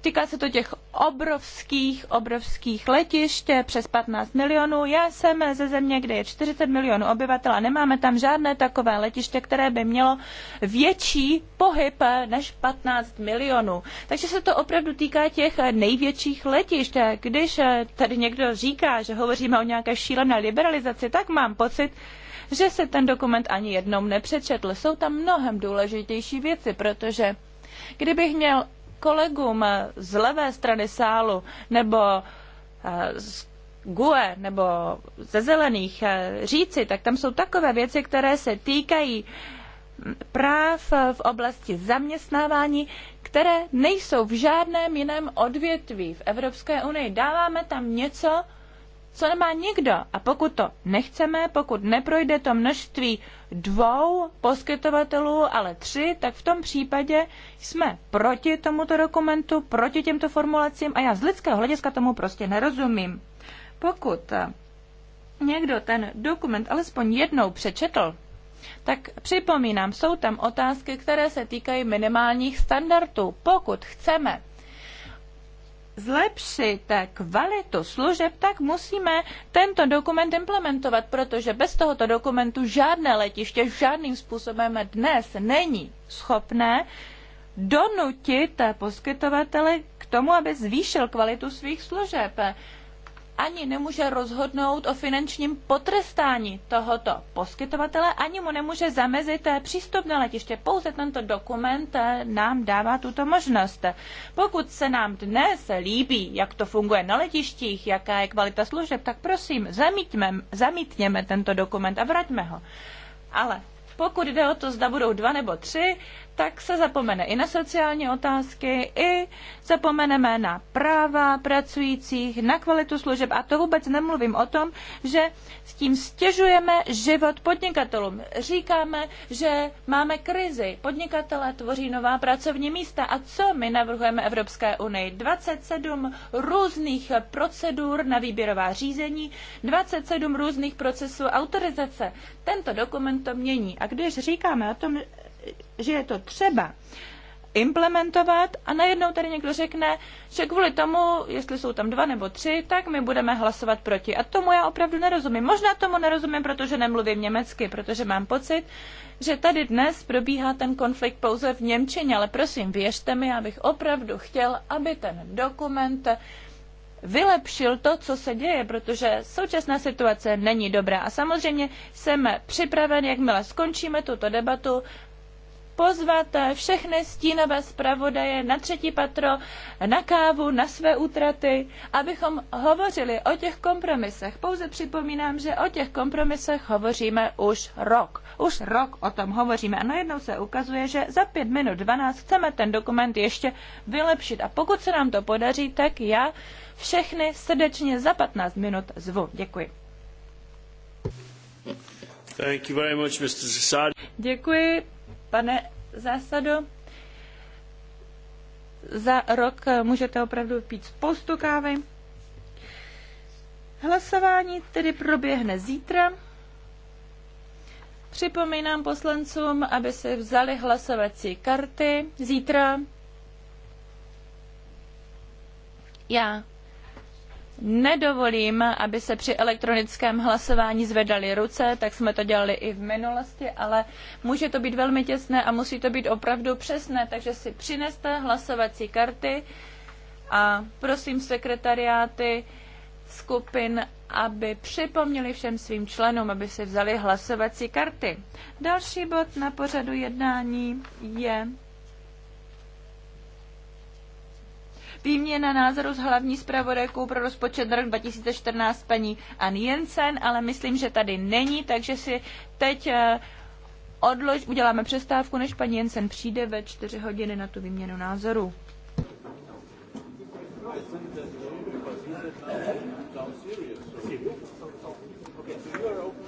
Týká se to těch obrovských, obrovských letišť, přes 15 milionů. Já jsem ze země, kde je 40 milionů obyvatel a nemáme tam žádné takové letiště, které by mělo větší pohyb než 15 milionů. Takže se to opravdu týká těch největších letišť. Když tady někdo říká, že hovoříme o nějaké šílené liberalizaci, tak mám pocit, že se ten dokument ani jednou nepřečetl. Jsou tam mnohem důležitější věci, protože kdybych měl kolegům z levé strany sálu nebo eh, z GUE nebo ze zelených eh, říci, tak tam jsou takové věci, které se týkají mm, práv v oblasti zaměstnávání, které nejsou v žádném jiném odvětví v Evropské unii. Dáváme tam něco, co nemá nikdo. A pokud to nechceme, pokud neprojde to množství dvou poskytovatelů, ale tři, tak v tom případě jsme proti tomuto dokumentu, proti těmto formulacím a já z lidského hlediska tomu prostě nerozumím. Pokud někdo ten dokument alespoň jednou přečetl, tak připomínám, jsou tam otázky, které se týkají minimálních standardů. Pokud chceme zlepšit kvalitu služeb, tak musíme tento dokument implementovat, protože bez tohoto dokumentu žádné letiště žádným způsobem dnes není schopné donutit poskytovatele k tomu, aby zvýšil kvalitu svých služeb ani nemůže rozhodnout o finančním potrestání tohoto poskytovatele, ani mu nemůže zamezit přístup na letiště. Pouze tento dokument eh, nám dává tuto možnost. Pokud se nám dnes líbí, jak to funguje na letištích, jaká je kvalita služeb, tak prosím, zamítněme, zamítněme tento dokument a vraťme ho. Ale pokud jde o to, zda budou dva nebo tři, tak se zapomene i na sociální otázky, i zapomeneme na práva pracujících, na kvalitu služeb. A to vůbec nemluvím o tom, že s tím stěžujeme život podnikatelům. Říkáme, že máme krizi. Podnikatele tvoří nová pracovní místa. A co my navrhujeme Evropské unii? 27 různých procedur na výběrová řízení, 27 různých procesů autorizace. Tento dokument to mění. A když říkáme o tom, že je to třeba implementovat a najednou tady někdo řekne, že kvůli tomu, jestli jsou tam dva nebo tři, tak my budeme hlasovat proti. A tomu já opravdu nerozumím. Možná tomu nerozumím, protože nemluvím německy, protože mám pocit, že tady dnes probíhá ten konflikt pouze v Němčině, ale prosím, věřte mi, já bych opravdu chtěl, aby ten dokument vylepšil to, co se děje, protože současná situace není dobrá. A samozřejmě jsem připraven, jakmile skončíme tuto debatu, pozvat všechny stínové zpravodaje na třetí patro, na kávu, na své útraty, abychom hovořili o těch kompromisech. Pouze připomínám, že o těch kompromisech hovoříme už rok. Už rok o tom hovoříme a najednou se ukazuje, že za pět minut 12 chceme ten dokument ještě vylepšit. A pokud se nám to podaří, tak já všechny srdečně za 15 minut zvu. Děkuji. Thank you very much, Mr. Děkuji, Pane zásado, za rok můžete opravdu pít spoustu kávy. Hlasování tedy proběhne zítra. Připomínám poslancům, aby si vzali hlasovací karty zítra. Já nedovolím, aby se při elektronickém hlasování zvedaly ruce, tak jsme to dělali i v minulosti, ale může to být velmi těsné a musí to být opravdu přesné, takže si přineste hlasovací karty a prosím sekretariáty skupin, aby připomněli všem svým členům, aby si vzali hlasovací karty. Další bod na pořadu jednání je výměna názoru s hlavní zpravodajkou pro rozpočet na rok 2014 paní Ann Jensen, ale myslím, že tady není, takže si teď eh, odlož, uděláme přestávku, než paní Jensen přijde ve čtyři hodiny na tu výměnu názoru. Okay, so you are open.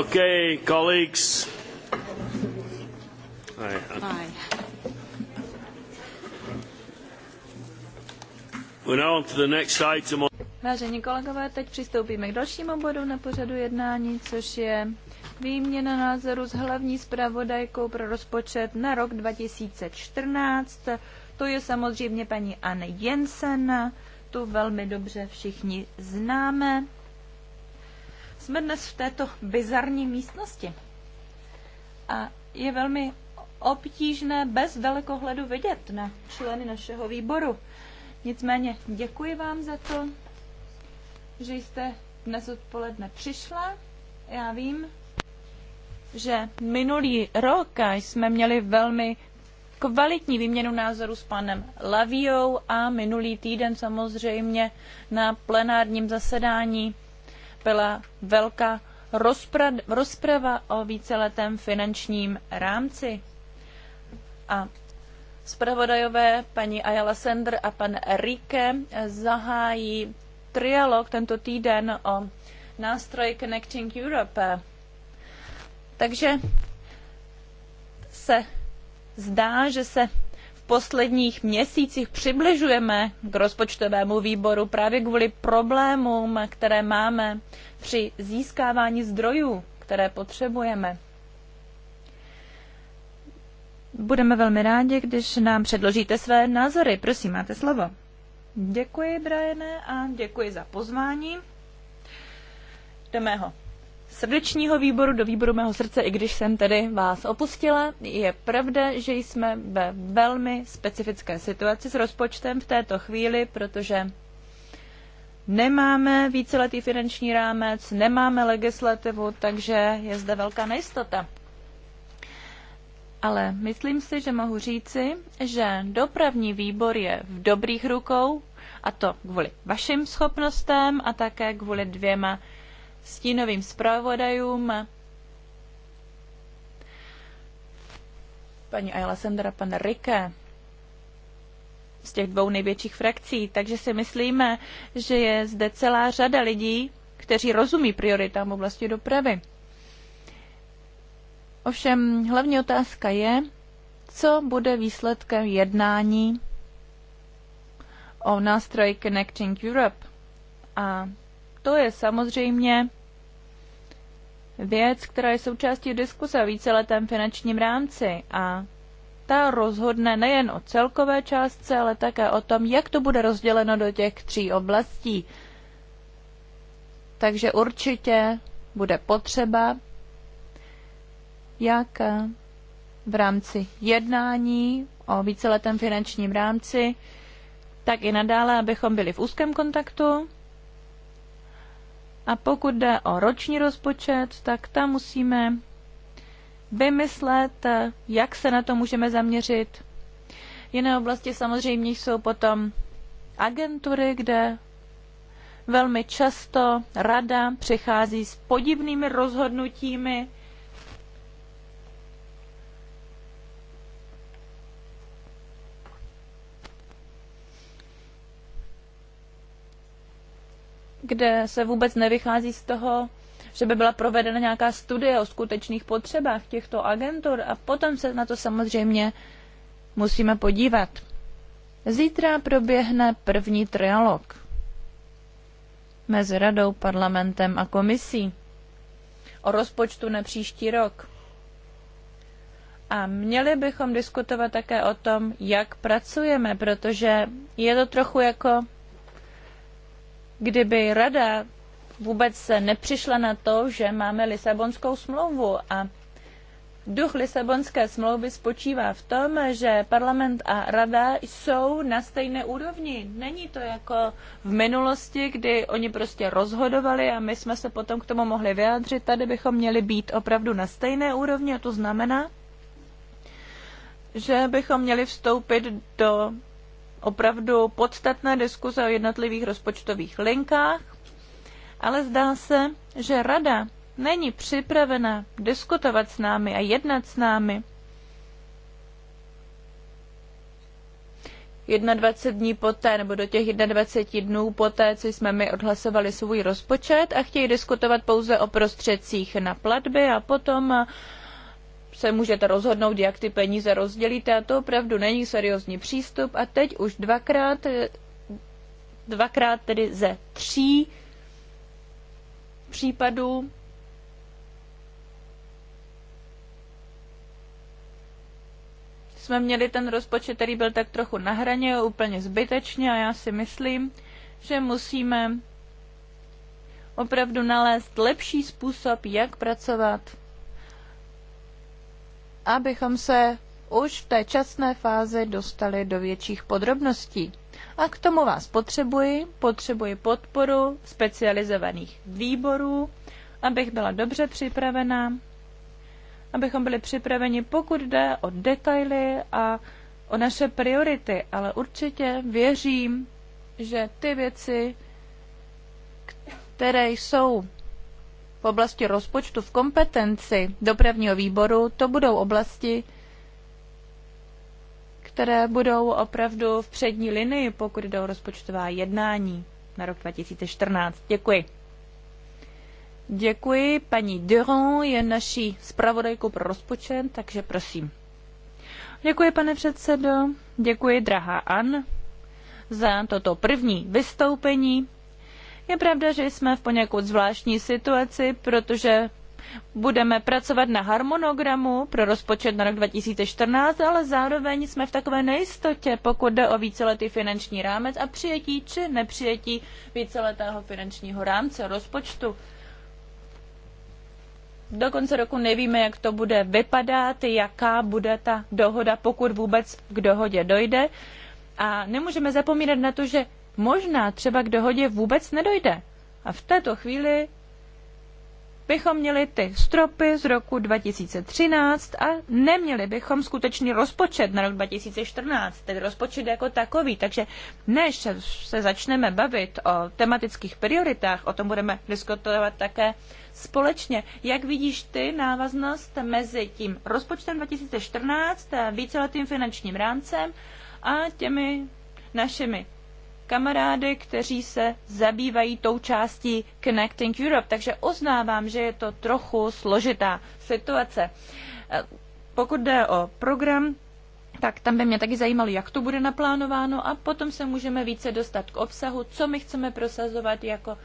Okay, colleagues. Hi. Vážení kolegové, teď přistoupíme k dalšímu bodu na pořadu jednání, což je výměna názoru s hlavní zpravodajkou pro rozpočet na rok 2014. To je samozřejmě paní Anne Jensen, tu velmi dobře všichni známe. Jsme dnes v této bizarní místnosti a je velmi obtížné bez dalekohledu vidět na členy našeho výboru. Nicméně děkuji vám za to, že jste dnes odpoledne přišla. Já vím, že minulý rok jsme měli velmi kvalitní výměnu názoru s panem Laviou a minulý týden samozřejmě na plenárním zasedání byla velká rozprava o víceletém finančním rámci. A zpravodajové paní Ayala Sender a pan Rike zahájí trialog tento týden o nástroji Connecting Europe. Takže se zdá, že se posledních měsících přibližujeme k rozpočtovému výboru právě kvůli problémům, které máme při získávání zdrojů, které potřebujeme. Budeme velmi rádi, když nám předložíte své názory. Prosím, máte slovo. Děkuji, Brajene, a děkuji za pozvání do mého srdečního výboru do výboru mého srdce, i když jsem tedy vás opustila. Je pravda, že jsme ve velmi specifické situaci s rozpočtem v této chvíli, protože nemáme víceletý finanční rámec, nemáme legislativu, takže je zde velká nejistota. Ale myslím si, že mohu říci, že dopravní výbor je v dobrých rukou, a to kvůli vašim schopnostem a také kvůli dvěma stínovým zpravodajům. Paní Ayla Sandra, pan Rike z těch dvou největších frakcí, takže si myslíme, že je zde celá řada lidí, kteří rozumí prioritám v oblasti dopravy. Ovšem hlavní otázka je, co bude výsledkem jednání o nástroji Connecting Europe a to je samozřejmě věc, která je součástí diskuse o víceletém finančním rámci a ta rozhodne nejen o celkové částce, ale také o tom, jak to bude rozděleno do těch tří oblastí. Takže určitě bude potřeba, jak v rámci jednání o víceletém finančním rámci, tak i nadále, abychom byli v úzkém kontaktu a pokud jde o roční rozpočet, tak tam musíme vymyslet, jak se na to můžeme zaměřit. Jiné oblasti samozřejmě jsou potom agentury, kde velmi často rada přichází s podivnými rozhodnutími, kde se vůbec nevychází z toho, že by byla provedena nějaká studie o skutečných potřebách těchto agentur a potom se na to samozřejmě musíme podívat. Zítra proběhne první trialog mezi Radou, parlamentem a komisí o rozpočtu na příští rok. A měli bychom diskutovat také o tom, jak pracujeme, protože je to trochu jako kdyby rada vůbec nepřišla na to, že máme Lisabonskou smlouvu a Duch Lisabonské smlouvy spočívá v tom, že parlament a rada jsou na stejné úrovni. Není to jako v minulosti, kdy oni prostě rozhodovali a my jsme se potom k tomu mohli vyjádřit. Tady bychom měli být opravdu na stejné úrovni a to znamená, že bychom měli vstoupit do opravdu podstatná diskuze o jednotlivých rozpočtových linkách, ale zdá se, že rada není připravena diskutovat s námi a jednat s námi. 21 dní poté, nebo do těch 21 dnů poté, co jsme my odhlasovali svůj rozpočet a chtějí diskutovat pouze o prostředcích na platby a potom se můžete rozhodnout, jak ty peníze rozdělíte a to opravdu není seriózní přístup a teď už dvakrát, eh, dvakrát tedy ze tří případů jsme měli ten rozpočet, který byl tak trochu na hraně, úplně zbytečně a já si myslím, že musíme opravdu nalézt lepší způsob, jak pracovat abychom se už v té časné fázi dostali do větších podrobností. A k tomu vás potřebuji, potřebuji podporu specializovaných výborů, abych byla dobře připravená, abychom byli připraveni, pokud jde o detaily a o naše priority, ale určitě věřím, že ty věci, které jsou v oblasti rozpočtu v kompetenci dopravního výboru, to budou oblasti, které budou opravdu v přední linii, pokud jde o rozpočtová jednání na rok 2014. Děkuji. Děkuji. Paní Duron je naší zpravodajkou pro rozpočet, takže prosím. Děkuji, pane předsedo. Děkuji, drahá Ann za toto první vystoupení je pravda, že jsme v poněkud zvláštní situaci, protože budeme pracovat na harmonogramu pro rozpočet na rok 2014, ale zároveň jsme v takové nejistotě, pokud jde o víceletý finanční rámec a přijetí či nepřijetí víceletého finančního rámce rozpočtu. Do konce roku nevíme, jak to bude vypadat, jaká bude ta dohoda, pokud vůbec k dohodě dojde. A nemůžeme zapomínat na to, že možná třeba k dohodě vůbec nedojde. A v této chvíli bychom měli ty stropy z roku 2013 a neměli bychom skutečný rozpočet na rok 2014, tedy rozpočet jako takový. Takže než se začneme bavit o tematických prioritách, o tom budeme diskutovat také společně. Jak vidíš ty návaznost mezi tím rozpočtem 2014, víceletým finančním rámcem a těmi našimi kamarády, kteří se zabývají tou částí Connecting Europe, takže uznávám, že je to trochu složitá situace. Eh, pokud jde o program, tak tam by mě taky zajímalo, jak to bude naplánováno a potom se můžeme více dostat k obsahu, co my chceme prosazovat jako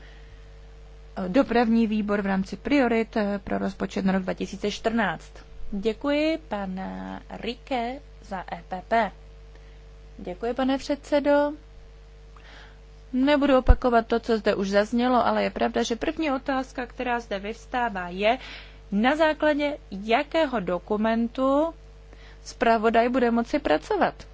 eh, dopravní výbor v rámci priorit eh, pro rozpočet na rok 2014. Děkuji pana Rike za EPP. Děkuji, pane předsedo. Nebudu opakovat to, co zde už zaznělo, ale je pravda, že první otázka, která zde vyvstává, je, na základě jakého dokumentu zpravodaj bude moci pracovat.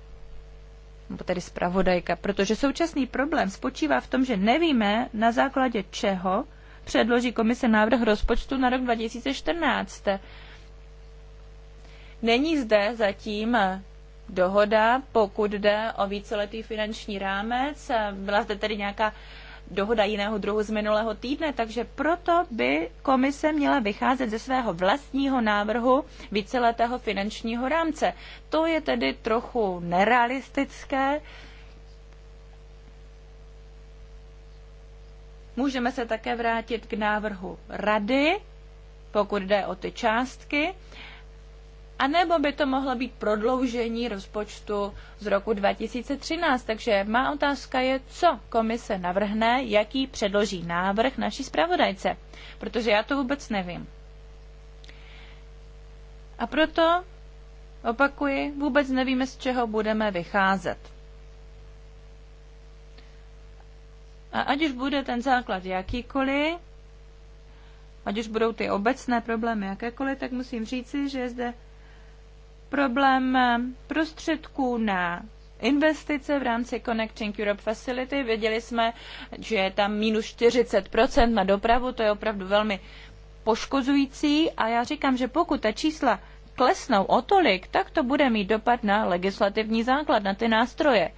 Nebo tedy zpravodajka, protože současný problém spočívá v tom, že nevíme, na základě čeho předloží komise návrh rozpočtu na rok 2014. Není zde zatím dohoda, pokud jde o víceletý finanční rámec. Byla zde tedy nějaká dohoda jiného druhu z minulého týdne, takže proto by komise měla vycházet ze svého vlastního návrhu víceletého finančního rámce. To je tedy trochu nerealistické. Můžeme se také vrátit k návrhu rady, pokud jde o ty částky. A nebo by to mohlo být prodloužení rozpočtu z roku 2013. Takže má otázka je, co komise navrhne, jaký předloží návrh naší zpravodajce. Protože já to vůbec nevím. A proto, opakuji, vůbec nevíme, z čeho budeme vycházet. A ať už bude ten základ jakýkoliv, ať už budou ty obecné problémy jakékoliv, tak musím říci, že je zde problém prostředků na investice v rámci Connecting Europe Facility. Věděli jsme, že je tam minus 40% na dopravu, to je opravdu velmi poškozující a já říkám, že pokud ta čísla klesnou o tolik, tak to bude mít dopad na legislativní základ, na ty nástroje.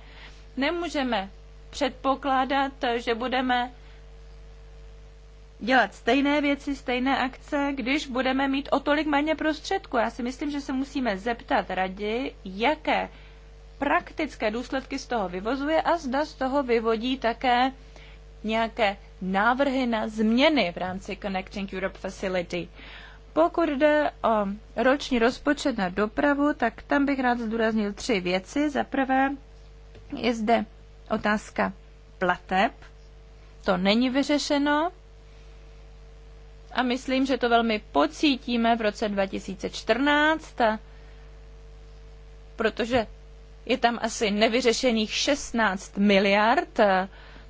Nemůžeme předpokládat, že budeme dělat stejné věci, stejné akce, když budeme mít o tolik méně prostředků. Já si myslím, že se musíme zeptat radě, jaké praktické důsledky z toho vyvozuje a zda z toho vyvodí také nějaké návrhy na změny v rámci Connecting Europe Facility. Pokud jde o roční rozpočet na dopravu, tak tam bych rád zdůraznil tři věci. Za prvé je zde otázka plateb. To není vyřešeno a myslím, že to velmi pocítíme v roce 2014, protože je tam asi nevyřešených 16 miliard.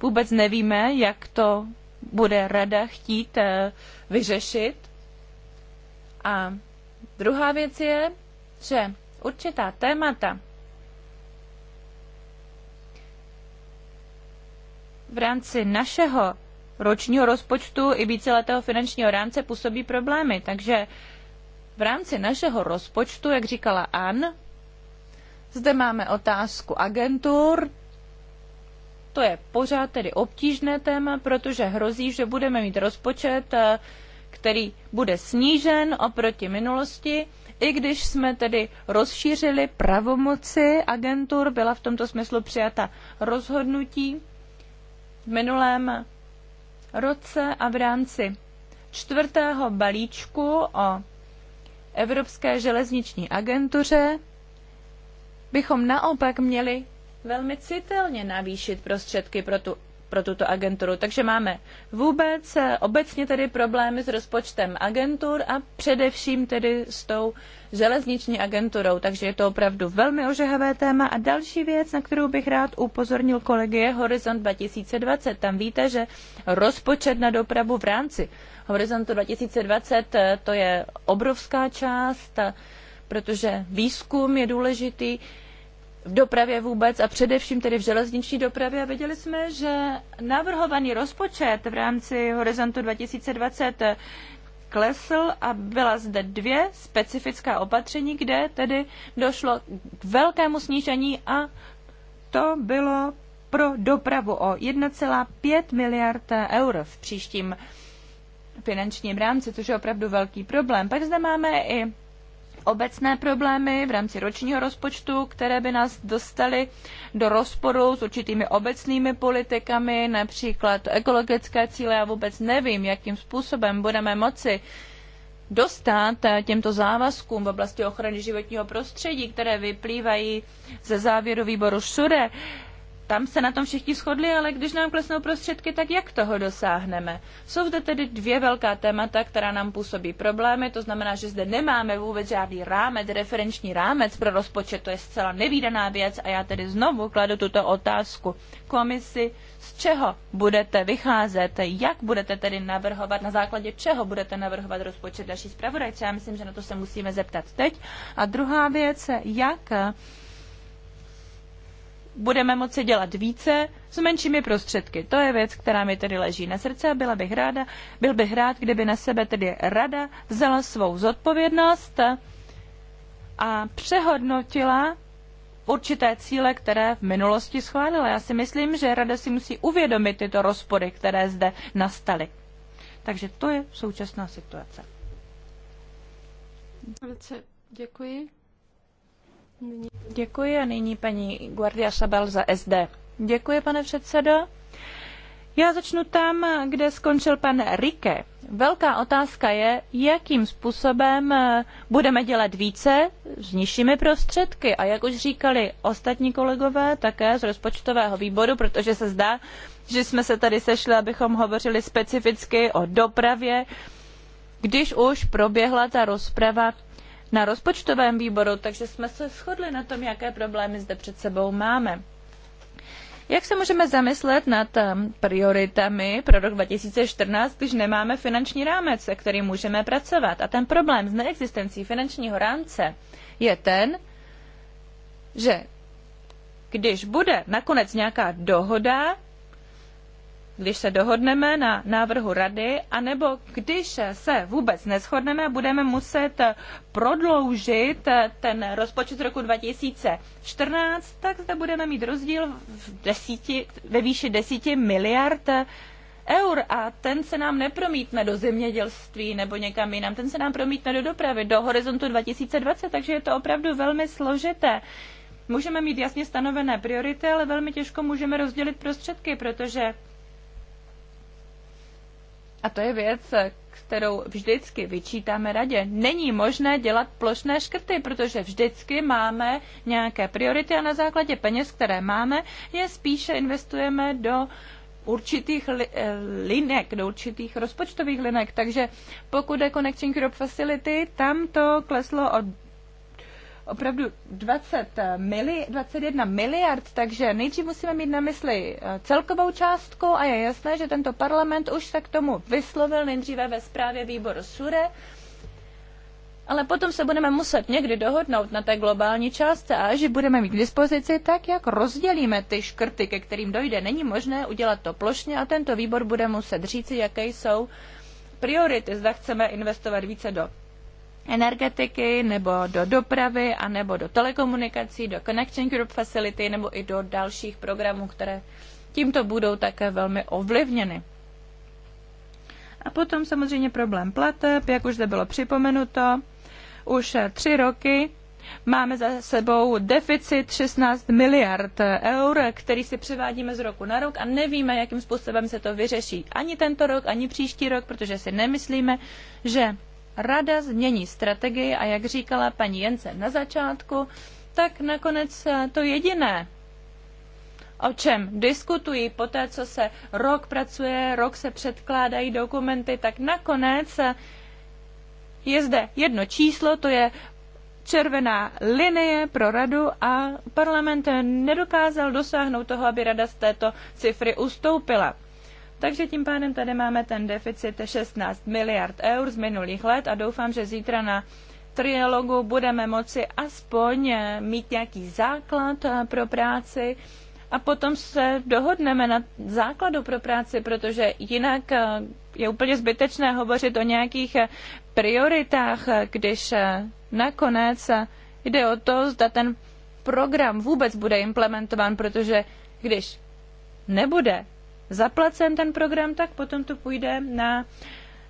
Vůbec nevíme, jak to bude rada chtít eh, vyřešit. A druhá věc je, že určitá témata v rámci našeho ročního rozpočtu i víceletého finančního rámce působí problémy. Takže v rámci našeho rozpočtu, jak říkala Ann, zde máme otázku agentur. To je pořád tedy obtížné téma, protože hrozí, že budeme mít rozpočet, eh, který bude snížen oproti minulosti, i když jsme tedy rozšířili pravomoci agentur, byla v tomto smyslu přijata rozhodnutí v minulém roce a v rámci čtvrtého balíčku o Evropské železniční agentuře bychom naopak měli velmi citelně navýšit prostředky pro tu pro tuto agenturu. Takže máme vůbec eh, obecně tedy problémy s rozpočtem agentur a především tedy s tou železniční agenturou. Takže je to opravdu velmi ožehavé téma. A další věc, na kterou bych rád upozornil kolegy, je Horizont 2020. Tam víte, že rozpočet na dopravu v rámci Horizontu 2020 eh, to je obrovská část, eh, protože výzkum je důležitý v dopravě vůbec a především tedy v železniční dopravě. A viděli jsme, že navrhovaný rozpočet v rámci Horizontu 2020 klesl a byla zde dvě specifická opatření, kde tedy došlo k velkému snížení a to bylo pro dopravu o 1,5 miliard eur v příštím finančním rámci, což je opravdu velký problém. Pak zde máme i obecné problémy v rámci ročního rozpočtu, které by nás dostaly do rozporu s určitými obecnými politikami, například ekologické cíle. Já vůbec nevím, jakým způsobem budeme moci dostat těmto závazkům v oblasti ochrany životního prostředí, které vyplývají ze závěru výboru ŠURE tam se na tom všichni shodli, ale když nám klesnou prostředky, tak jak toho dosáhneme? Jsou zde tedy dvě velká témata, která nám působí problémy, to znamená, že zde nemáme vůbec žádný rámec, referenční rámec pro rozpočet, to je zcela nevýdaná věc a já tedy znovu kladu tuto otázku komisi, z čeho budete vycházet, jak budete tedy navrhovat, na základě čeho budete navrhovat rozpočet další zpravodajce. Já myslím, že na to se musíme zeptat teď. A druhá věc, jak budeme moci dělat více s menšími prostředky. To je věc, která mi tedy leží na srdce a byla bych ráda, byl bych rád, kdyby na sebe tedy rada vzala svou zodpovědnost a přehodnotila určité cíle, které v minulosti schválila. Já si myslím, že rada si musí uvědomit tyto rozpory, které zde nastaly. Takže to je současná situace. Velice děkuji. Děkuji a nyní paní Guardia Sabel za SD. Děkuji, pane předsedo. Já začnu tam, kde skončil pan Rike. Velká otázka je, jakým způsobem eh, budeme dělat více s nižšími prostředky. A jak už říkali ostatní kolegové, také z rozpočtového výboru, protože se zdá, že jsme se tady sešli, abychom hovořili specificky o dopravě, když už proběhla ta rozprava na rozpočtovém výboru, takže jsme se shodli na tom, jaké problémy zde před sebou máme. Jak se můžeme zamyslet nad ehm, prioritami pro rok 2014, když nemáme finanční rámec, se kterým můžeme pracovat? A ten problém s neexistencí finančního rámce je ten, že když bude nakonec nějaká dohoda, když se dohodneme na návrhu rady, anebo když se vůbec neschodneme, budeme muset prodloužit ten rozpočet roku 2014, tak zde budeme mít rozdíl v desíti, ve výši 10 miliard eur a ten se nám nepromítne do zemědělství nebo někam jinam, ten se nám promítne do dopravy, do horizontu 2020, takže je to opravdu velmi složité. Můžeme mít jasně stanovené priority, ale velmi těžko můžeme rozdělit prostředky, protože a to je věc, kterou vždycky vyčítáme radě. Není možné dělat plošné škrty, protože vždycky máme nějaké priority a na základě peněz, které máme, je spíše investujeme do určitých li, eh, linek, do určitých rozpočtových linek. Takže pokud je Connecting Europe Facility, tam to kleslo o opravdu 20 eh, mili, 21 miliard, takže nejdřív musíme mít na mysli eh, celkovou částku a je jasné, že tento parlament už se k tomu vyslovil nejdříve ve zprávě výboru SURE, ale potom se budeme muset někdy dohodnout na té globální částce a až budeme mít k dispozici, tak jak rozdělíme ty škrty, ke kterým dojde. Není možné udělat to plošně a tento výbor bude muset říci, jaké jsou priority, zda chceme investovat více do energetiky nebo do dopravy a nebo do telekomunikací, do Connecting Europe Facility nebo i do dalších programů, které tímto budou také velmi ovlivněny. A potom samozřejmě problém plateb, jak už zde bylo připomenuto. Už tři roky máme za sebou deficit 16 miliard eur, který si převádíme z roku na rok a nevíme, jakým způsobem se to vyřeší ani tento rok, ani příští rok, protože si nemyslíme, že rada změní strategii a jak říkala paní Jence na začátku, tak nakonec eh, to jediné, o čem diskutují po té, co se rok pracuje, rok se předkládají dokumenty, tak nakonec eh, je zde jedno číslo, to je červená linie pro radu a parlament nedokázal dosáhnout toho, aby rada z této cifry ustoupila. Takže tím pádem tady máme ten deficit 16 miliard eur z minulých let a doufám, že zítra na trialogu budeme moci aspoň eh, mít nějaký základ eh, pro práci a potom se dohodneme na základu pro práci, protože jinak eh, je úplně zbytečné hovořit o nějakých prioritách, když nakonec jde o to, zda ten program vůbec bude implementován, protože když nebude zaplacen ten program, tak potom to půjde na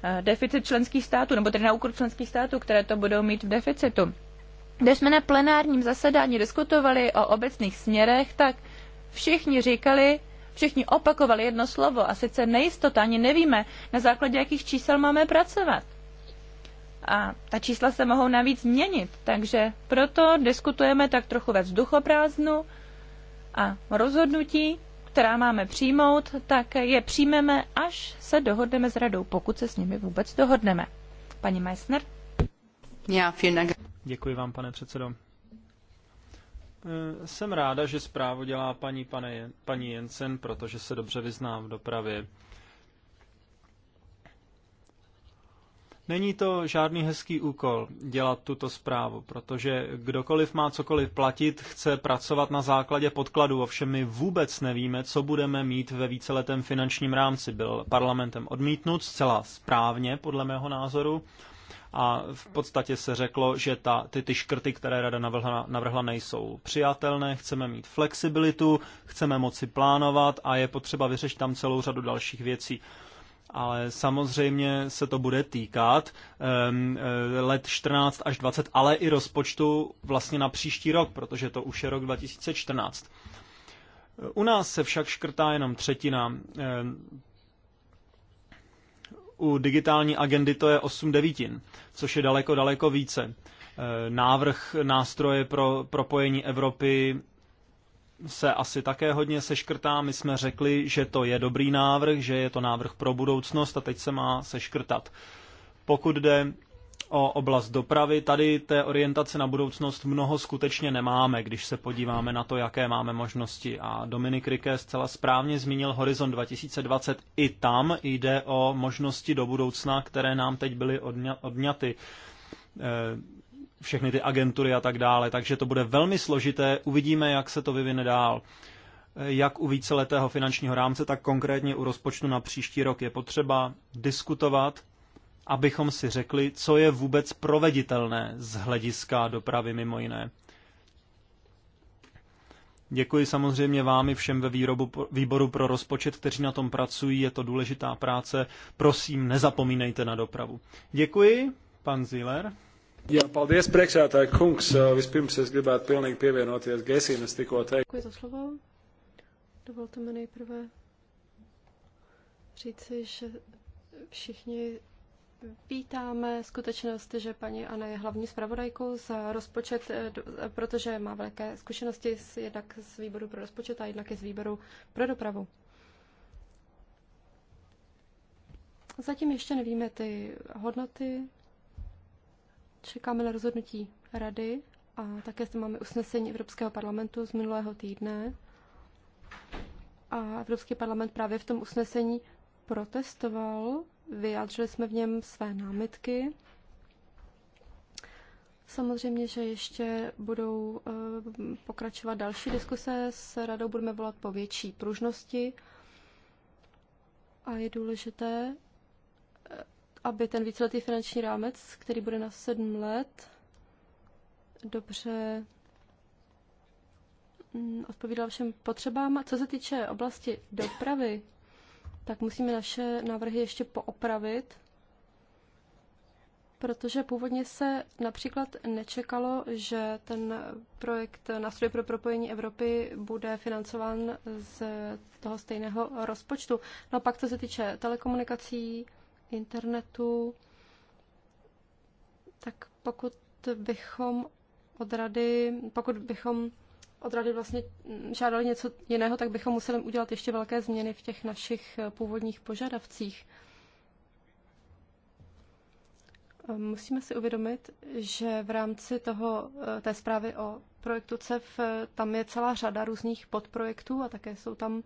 eh, deficit členských států, nebo tedy na úkor členských států, které to budou mít v deficitu. Když jsme na plenárním zasedání diskutovali o obecných směrech, tak všichni říkali, všichni opakovali jedno slovo, a sice nejistota, ani nevíme, na základě jakých čísel máme pracovat. A ta čísla se mohou navíc měnit, takže proto diskutujeme tak trochu ve vzduchoprázdnu a rozhodnutí, která máme přijmout, tak je přijmeme, až se dohodneme s radou, pokud se s nimi vůbec dohodneme. Paní Meissner? Já, Děkuji vám, pane předsedo. E, jsem ráda, že zprávu dělá paní, paní Jensen, protože se dobře vyzná v dopravě. Není to žádný hezký úkol dělat tuto zprávu, protože kdokoliv má cokoliv platit, chce pracovat na základě podkladu, ovšem my vůbec nevíme, co budeme mít ve víceletém finančním rámci. Byl parlamentem odmítnut zcela správně, podle mého názoru, a v podstatě se řeklo, že ta, ty, ty škrty, které rada navrhla, navrhla, nejsou přijatelné, chceme mít flexibilitu, chceme moci plánovat a je potřeba vyřešit tam celou řadu dalších věcí ale samozřejmě se to bude týkat ehm, eh, let 14 až 20, ale i rozpočtu vlastně na příští rok, protože to už je rok 2014. U nás se však škrtá jenom třetina. Ehm, u digitální agendy to je 8 devítin, což je daleko, daleko více. Ehm, návrh nástroje pro propojení Evropy se asi také hodně seškrtá. My jsme řekli, že to je dobrý návrh, že je to návrh pro budoucnost a teď se má seškrtat. Pokud jde o oblast dopravy, tady té orientace na budoucnost mnoho skutečně nemáme, když se podíváme na to, jaké máme možnosti. A Dominik Ryke zcela správně zmínil Horizon 2020. I tam jde o možnosti do budoucna, které nám teď byly odňaty eh, všechny ty agentury a tak dále, takže to bude velmi složité, uvidíme, jak se to vyvine dál. Jak u víceletého finančního rámce, tak konkrétně u rozpočtu na příští rok je potřeba diskutovat, abychom si řekli, co je vůbec proveditelné z hlediska dopravy mimo jiné. Děkuji samozřejmě vám i všem ve výrobu, výboru pro rozpočet, kteří na tom pracují, je to důležitá práce. Prosím, nezapomínejte na dopravu. Děkuji, pan Ziller. Jā, paldies, priekšētāji kungs. Vispirms es gribētu pilnīgi pievienoties Gesīnas tikko teikt. Děkuji za slovo. Dovolte mi nejprve říci, že všichni vítáme skutečnost, že paní Ana je hlavní zpravodajkou za rozpočet, eh, eh, protože má velké zkušenosti s, jednak z výboru pro rozpočet a jednak i z výboru pro dopravu. Zatím ještě nevíme ty hodnoty, Čekáme na rozhodnutí rady a také zde máme usnesení Evropského parlamentu z minulého týdne. A Evropský parlament právě v tom usnesení protestoval, vyjádřili jsme v něm své námitky. Samozřejmě, že ještě budou eh, pokračovat další diskuse. S radou budeme volat po větší pružnosti. A je důležité, aby ten víceletý finanční rámec, který bude na sedm let, dobře mm, odpovídal všem potřebám. Co se týče oblasti dopravy, tak musíme naše návrhy ještě poopravit, protože původně se například nečekalo, že ten projekt Nástroj pro propojení Evropy bude financován z toho stejného rozpočtu. No a pak, co se týče telekomunikací, internetu, tak pokud bychom od rady, pokud bychom od rady vlastně žádali něco jiného, tak bychom museli udělat ještě velké změny v těch našich eh, původních požadavcích. Ehm, musíme si uvědomit, že v rámci toho, eh, té zprávy o projektu CEF eh, tam je celá řada různých podprojektů a také jsou tam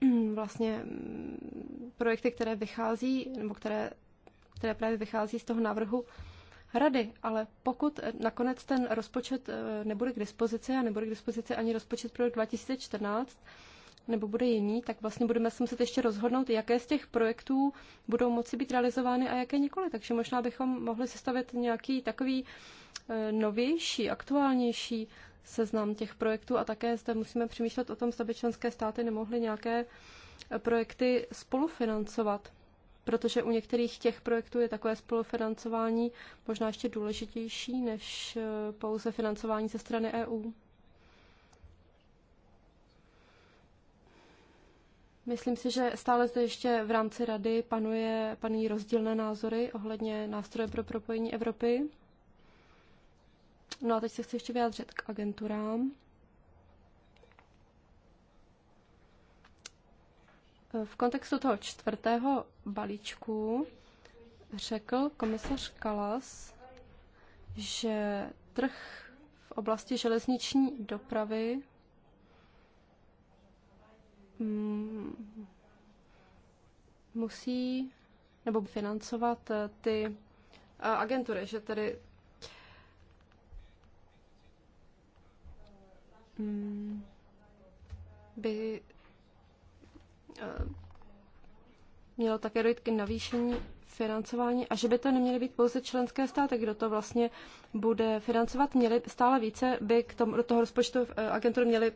Mm, vlastně mm, projekty, které vychází, nebo které, které právě vychází z toho návrhu rady, ale pokud eh, nakonec ten rozpočet eh, nebude k dispozici a nebude k dispozici ani rozpočet pro 2014, nebo bude jiný, tak vlastně budeme se muset ještě rozhodnout, jaké z těch projektů budou moci být realizovány a jaké nikoli. Takže možná bychom mohli sestavit nějaký takový eh, novější, aktuálnější seznam těch projektů a také zde musíme přemýšlet o tom, zda by členské státy nemohly nějaké projekty spolufinancovat, protože u některých těch projektů je takové spolufinancování možná ještě důležitější než eh, pouze financování ze strany EU. Myslím si, že stále zde ještě v rámci rady panuje, panují rozdílné názory ohledně nástroje pro propojení Evropy. No a teď se chci ještě vyjádřit k agenturám. V kontextu toho čtvrtého balíčku řekl komisař Kalas, že trh v oblasti železniční dopravy mm, musí nebo financovat ty agentury, že tedy Mm, by eh, mělo také dojít k navýšení financování a že by to neměly být pouze členské státy, kdo to vlastně bude financovat, měli stále více by k tomu, do toho rozpočtu eh, agentury měly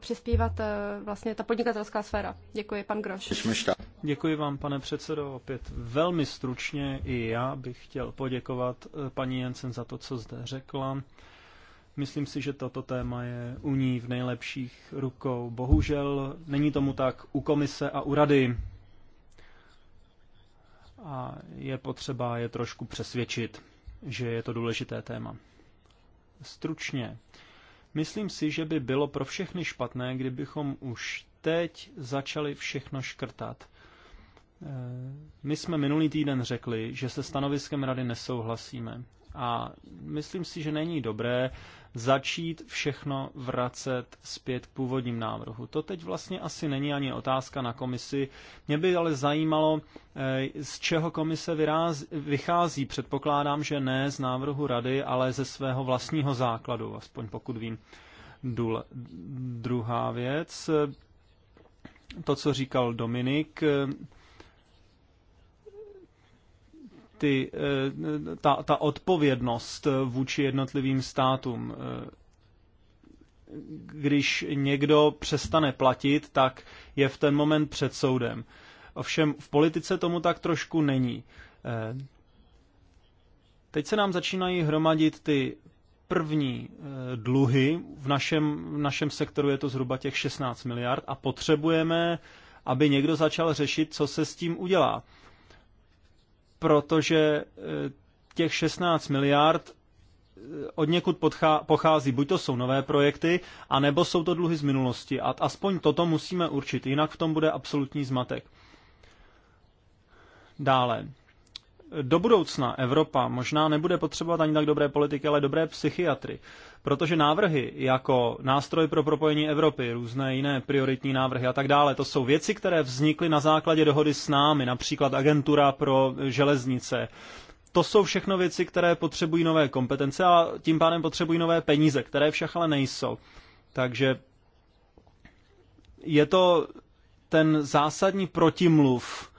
přispívat eh, vlastně ta podnikatelská sféra. Děkuji, pan Groš. Děkuji vám, pane předsedo. Opět velmi stručně i já bych chtěl poděkovat paní Jensen za to, co zde řekla. Myslím si, že toto téma je u ní v nejlepších rukou. Bohužel není tomu tak u komise a u rady. A je potřeba je trošku přesvědčit, že je to důležité téma. Stručně. Myslím si, že by bylo pro všechny špatné, kdybychom už teď začali všechno škrtat. Eh, my jsme minulý týden řekli, že se stanoviskem rady nesouhlasíme a myslím si, že není dobré začít všechno vracet zpět k původním návrhu. To teď vlastně asi není ani otázka na komisi. Mě by ale zajímalo, eh, z čeho komise vyráz, vychází. Předpokládám, že ne z návrhu rady, ale ze svého vlastního základu, aspoň pokud vím. Dule. Druhá věc, to, co říkal Dominik, ty, eh, ta, ta odpovědnost vůči jednotlivým státům. Eh, když někdo přestane platit, tak je v ten moment před soudem. Ovšem v politice tomu tak trošku není. Eh, teď se nám začínají hromadit ty první dluhy. V našem, v našem sektoru je to zhruba těch 16 miliard a potřebujeme, aby někdo začal řešit, co se s tím udělá protože eh, těch 16 miliard eh, od někud pochází, buď to jsou nové projekty, anebo jsou to dluhy z minulosti. A aspoň toto musíme určit, jinak v tom bude absolutní zmatek. Dále do budoucna Evropa možná nebude potřebovat ani tak dobré politiky, ale dobré psychiatry. Protože návrhy jako nástroj pro propojení Evropy, různé jiné prioritní návrhy a tak dále, to jsou věci, které vznikly na základě dohody s námi, například agentura pro železnice. To jsou všechno věci, které potřebují nové kompetence a tím pádem potřebují nové peníze, které však ale nejsou. Takže je to ten zásadní protimluv,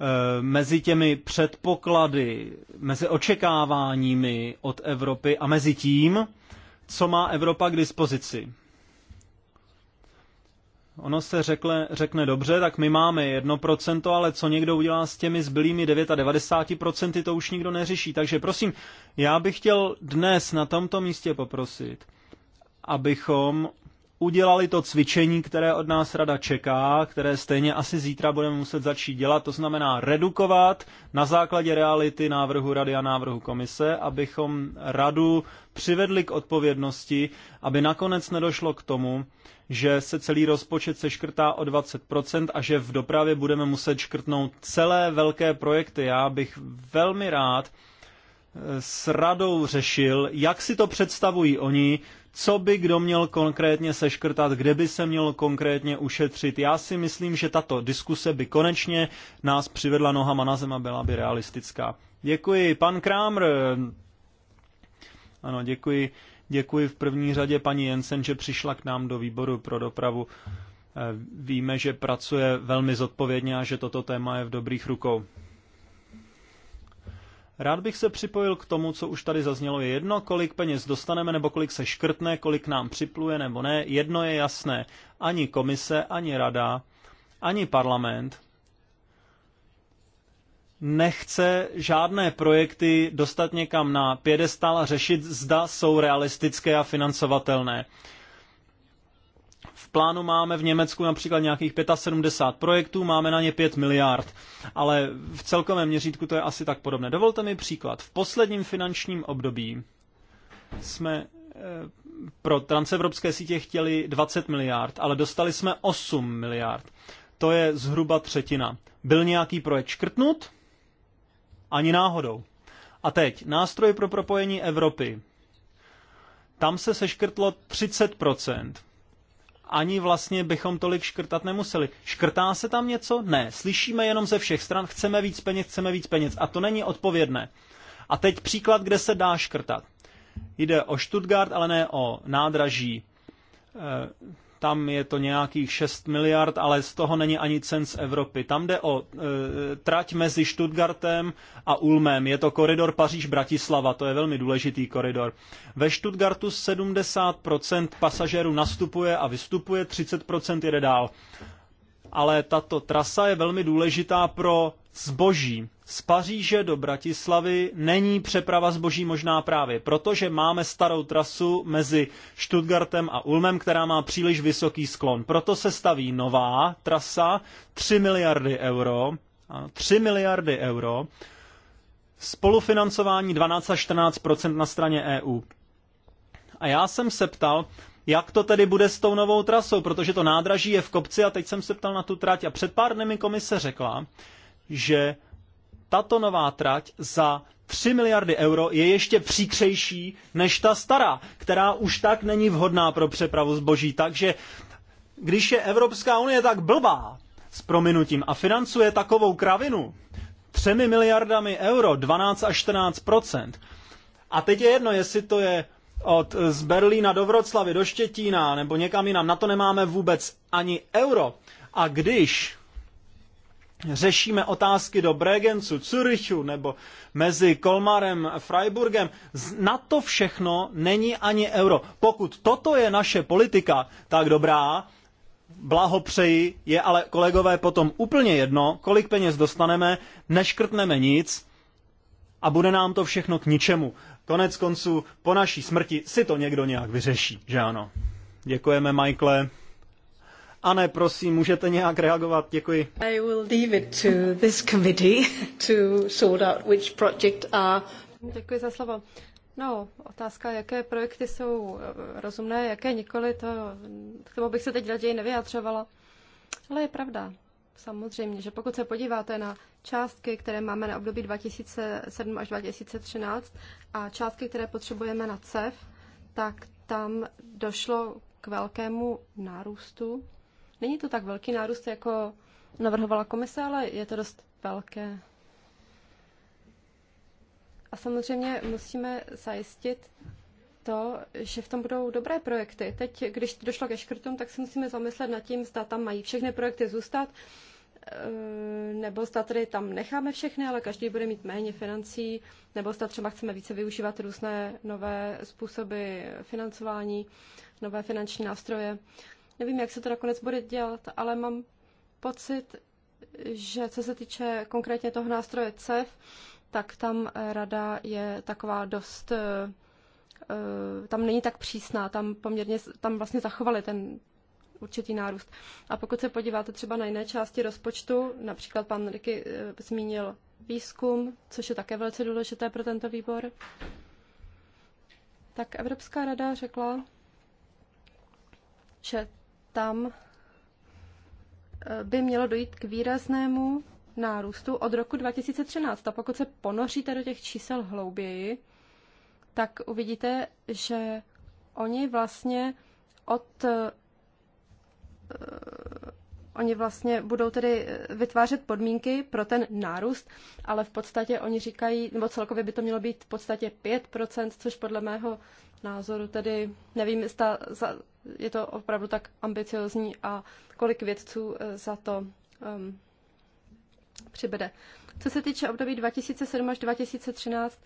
Eh, mezi těmi předpoklady, mezi očekáváními od Evropy a mezi tím, co má Evropa k dispozici. Ono se řekle, řekne dobře, tak my máme 1%, ale co někdo udělá s těmi zbylými 99%, to už nikdo neřeší. Takže prosím, já bych chtěl dnes na tomto místě poprosit, abychom udělali to cvičení, které od nás rada čeká, které stejně asi zítra budeme muset začít dělat, to znamená redukovat na základě reality návrhu rady a návrhu komise, abychom radu přivedli k odpovědnosti, aby nakonec nedošlo k tomu, že se celý rozpočet seškrtá o 20% a že v dopravě budeme muset škrtnout celé velké projekty. Já bych velmi rád s radou řešil, jak si to představují oni, co by kdo měl konkrétně seškrtat, kde by se měl konkrétně ušetřit. Já si myslím, že tato diskuse by konečně nás přivedla nohama na zem a byla by realistická. Děkuji, pan Krámr. Ano, děkuji. Děkuji v první řadě paní Jensen, že přišla k nám do výboru pro dopravu. Eh, víme, že pracuje velmi zodpovědně a že toto téma je v dobrých rukou. Rád bych se připojil k tomu, co už tady zaznělo. Je jedno, kolik peněz dostaneme, nebo kolik se škrtne, kolik nám připluje, nebo ne. Jedno je jasné. Ani komise, ani rada, ani parlament nechce žádné projekty dostat někam na pědestal a řešit, zda jsou realistické a financovatelné. V plánu máme v Německu například nějakých 75 projektů, máme na ně 5 miliard, ale v celkovém měřítku to je asi tak podobné. Dovolte mi příklad. V posledním finančním období jsme eh, pro transevropské sítě chtěli 20 miliard, ale dostali jsme 8 miliard. To je zhruba třetina. Byl nějaký projekt škrtnut? Ani náhodou. A teď, nástroj pro propojení Evropy. Tam se seškrtlo 30% ani vlastně bychom tolik škrtat nemuseli. Škrtá se tam něco? Ne. Slyšíme jenom ze všech stran, chceme víc peněz, chceme víc peněz. A to není odpovědné. A teď příklad, kde se dá škrtat. Jde o Stuttgart, ale ne o nádraží. E tam je to nějakých 6 miliard, ale z toho není ani cen z Evropy. Tam jde o e, trať mezi Stuttgartem a Ulmem. Je to koridor Paříž-Bratislava, to je velmi důležitý koridor. Ve Stuttgartu 70% pasažérů nastupuje a vystupuje, 30% jede dál. Ale tato trasa je velmi důležitá pro zboží z Paříže do Bratislavy není přeprava zboží možná právě proto, že máme starou trasu mezi Stuttgartem a Ulmem, která má příliš vysoký sklon. Proto se staví nová trasa 3 miliardy euro. 3 miliardy euro. Spolufinancování 12 až 14 na straně EU. A já jsem se ptal, jak to tedy bude s tou novou trasou, protože to nádraží je v kopci a teď jsem se ptal na tu trať a před pár dny mi komise řekla, že tato nová trať za 3 miliardy euro je ještě příkřejší než ta stará, která už tak není vhodná pro přepravu zboží. Takže když je Evropská unie tak blbá, s prominutím, a financuje takovou kravinu 3 miliardami euro, 12 až 14 a teď je jedno, jestli to je od, eh, z Berlína do Vroclavy, do Štětína nebo někam jinam, na to nemáme vůbec ani euro. A když řešíme otázky do Bregencu, Zürichu nebo mezi Kolmarem a Freiburgem, na to všechno není ani euro. Pokud toto je naše politika tak dobrá, blahopřeji, je ale kolegové potom úplně jedno, kolik peněz dostaneme, neškrtneme nic a bude nám to všechno k ničemu. Konec konců, po naší smrti si to někdo nějak vyřeší, že ano? Děkujeme, Michael. Ane, prosím, můžete nějak reagovat? Děkuji. I will leave it to this committee to sort out which project are... Děkuji za slovo. No, otázka, jaké projekty jsou eh, rozumné, jaké nikoli, to, k tomu bych se teď raději nevyjadřovala. Ale je pravda, samozřejmě, že pokud se podíváte na částky, které máme na období 2007 až 2013 a částky, které potřebujeme na CEF, tak tam došlo k velkému nárůstu. Není to tak velký nárůst, jako navrhovala komise, ale je to dost velké. A samozřejmě musíme zajistit to, že v tom budou dobré projekty. Teď, když došlo ke škrtům, tak si musíme zamyslet nad tím, zda tam mají všechny projekty zůstat, eh, nebo zda tady tam necháme všechny, ale každý bude mít méně financí, nebo zda třeba chceme více využívat různé nové způsoby financování, nové finanční nástroje. Nevím, jak se to nakonec bude dělat, ale mám pocit, že co se týče konkrétně toho nástroje CEF, tak tam rada je taková dost, eh, eh, tam není tak přísná, tam poměrně, tam vlastně zachovali ten určitý nárůst. A pokud se podíváte třeba na jiné části rozpočtu, například pan Riky eh, zmínil výzkum, což je také velice důležité pro tento výbor, tak Evropská rada řekla, že tam eh, by mělo dojít k výraznému nárůstu od roku 2013. A pokud se ponoříte do těch čísel hlouběji, tak uvidíte, že oni vlastně od eh, eh, oni vlastně budou tedy vytvářet podmínky pro ten nárůst, ale v podstatě oni říkají, nebo celkově by to mělo být v podstatě 5%, což podle mého názoru tedy nevím, jestli je to opravdu tak ambiciozní a kolik vědců eh, za to um, ehm, přibede. Co se týče období 2007 až 2013,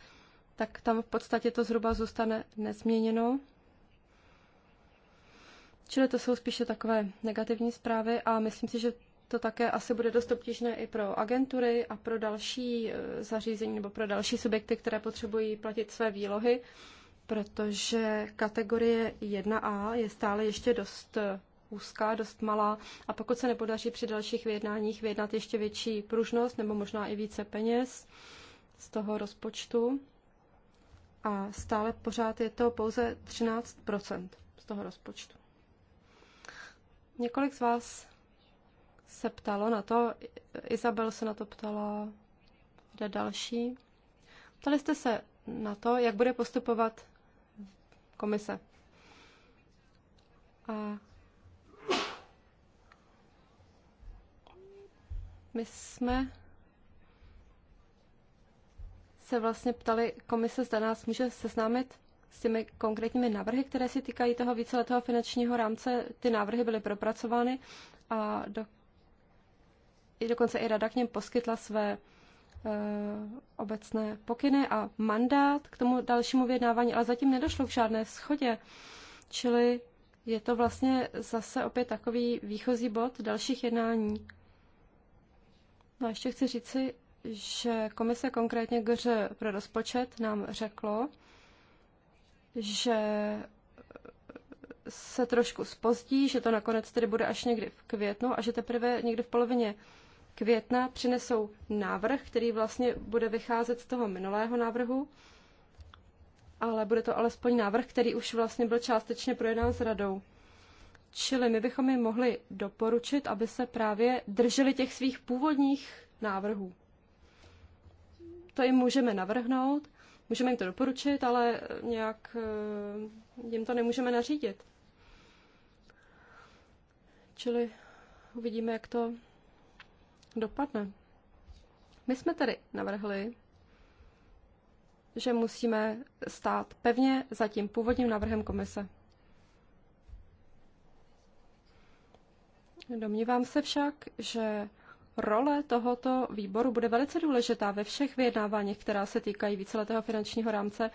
tak tam v podstatě to zhruba zůstane nezměněno. Čili to jsou spíše takové negativní zprávy a myslím si, že to také asi bude dost obtížné i pro agentury a pro další eh, zařízení nebo pro další subjekty, které potřebují platit své výlohy protože kategorie 1A je stále ještě dost eh, úzká, dost malá a pokud se nepodaří při dalších vyjednáních vyjednat ještě větší pružnost nebo možná i více peněz z toho rozpočtu a stále pořád je to pouze 13 z toho rozpočtu. Několik z vás se ptalo na to, Izabel se na to ptala, kde další. Ptali jste se na to, jak bude postupovat komise. A my jsme se vlastně ptali komise, zda nás může seznámit s těmi konkrétními návrhy, které se týkají toho víceletého finančního rámce. Ty návrhy byly propracovány a do, i dokonce i rada k něm poskytla své Eh, obecné pokyny a mandát k tomu dalšímu vyjednávání, ale zatím nedošlo k žádné schodě. Čili je to vlastně zase opět takový výchozí bod dalších jednání. No a ještě chci říci, že komise konkrétně GŘ pro rozpočet nám řeklo, že se trošku spozdí, že to nakonec tedy bude až někdy v květnu a že teprve někdy v polovině května přinesou návrh, který vlastně bude vycházet z toho minulého návrhu, ale bude to alespoň návrh, který už vlastně byl částečně projednán s radou. Čili my bychom jim mohli doporučit, aby se právě drželi těch svých původních návrhů. To jim můžeme navrhnout, můžeme jim to doporučit, ale nějak eh, jim to nemůžeme nařídit. Čili uvidíme, jak to dopadne. My jsme tedy navrhli, že musíme stát pevně za tím původním návrhem komise. Domnívám se však, že role tohoto výboru bude velice důležitá ve všech vyjednáváních, která se týkají víceletého finančního rámce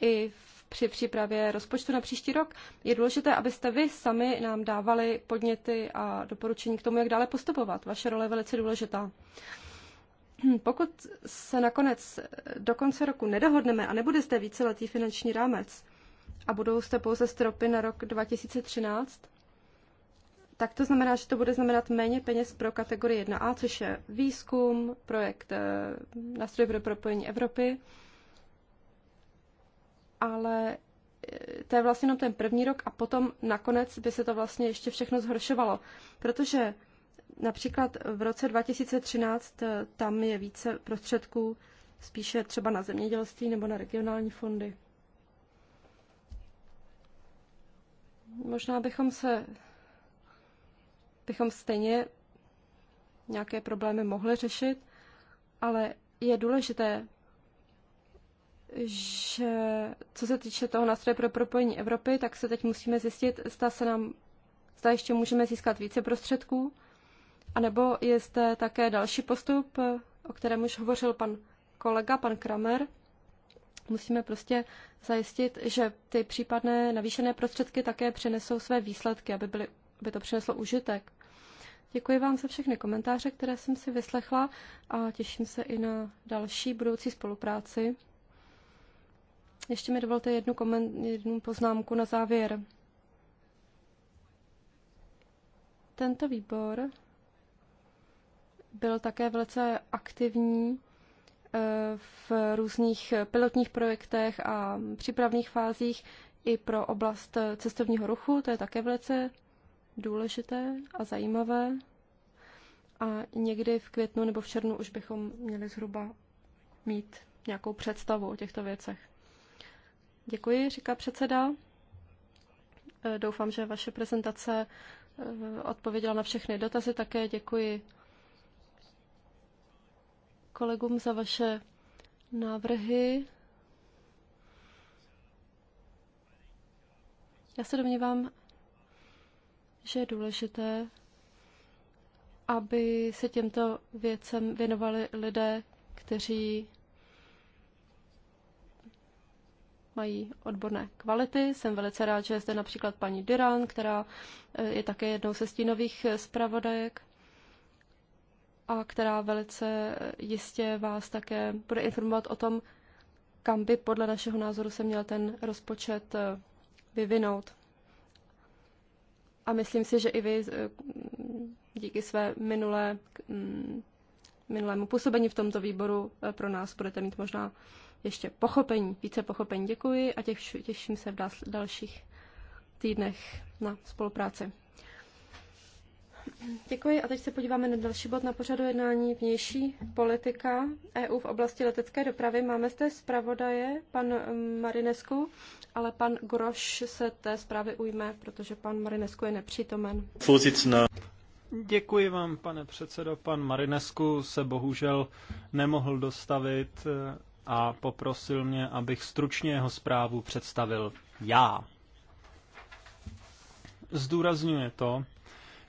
i v při přípravě rozpočtu na příští rok. Je důležité, abyste vy sami nám dávali podněty a doporučení k tomu, jak dále postupovat. Vaše role je velice důležitá. Pokud se nakonec do konce roku nedohodneme a nebude zde víceletý finanční rámec a budou zde pouze stropy na rok 2013, tak to znamená, že to bude znamenat méně peněz pro kategorii 1A, což je výzkum, projekt eh, Nástroje pro propojení Evropy, ale e, to je vlastně jenom ten první rok a potom nakonec by se to vlastně ještě všechno zhoršovalo, protože například v roce 2013 e, tam je více prostředků spíše třeba na zemědělství nebo na regionální fondy. Možná bychom se bychom stejně nějaké problémy mohli řešit, ale je důležité že co se týče toho nástroje pro propojení Evropy, tak se teď musíme zjistit, zda se nám, zda ještě můžeme získat více prostředků, anebo je zde také další postup, o kterém už hovořil pan kolega, pan Kramer. Musíme prostě zajistit, že ty případné navýšené prostředky také přinesou své výsledky, aby, byly, aby to přineslo užitek. Děkuji vám za všechny komentáře, které jsem si vyslechla a těším se i na další budoucí spolupráci. Ještě mi dovolte jednu, koment, jednu poznámku na závěr. Tento výbor byl také velice aktivní eh, v různých pilotních projektech a přípravných fázích i pro oblast cestovního ruchu. To je také velice důležité a zajímavé. A někdy v květnu nebo v červnu už bychom měli zhruba mít nějakou představu o těchto věcech. Děkuji, říká předseda. Eh, doufám, že vaše prezentace eh, odpověděla na všechny dotazy. Také děkuji kolegům za vaše návrhy. Já se domnívám, že je důležité, aby se těmto věcem věnovali lidé, kteří mají odborné kvality. Jsem velice rád, že je zde například paní Duran, která eh, je také jednou ze stínových eh, zpravodajek a která velice eh, jistě vás také bude informovat o tom, kam by podle našeho názoru se měl ten rozpočet vyvinout. A myslím si, že i vy díky své minulé, mm, minulému působení v tomto výboru pro nás budete mít možná ještě pochopení, více pochopení. Děkuji a těším se v dalších týdnech na spolupráci. Děkuji a teď se podíváme na další bod na pořadu jednání vnější politika EU v oblasti letecké dopravy. Máme zde zpravodaje, pan mm, Marinesku, ale pan Groš se té zprávy ujme, protože pan Marinesku je nepřítomen. Fuzicna. Děkuji vám, pane předsedo. Pan Marinesku se bohužel nemohl dostavit a poprosil mě, abych stručně jeho zprávu představil já. Zdůrazňuje to,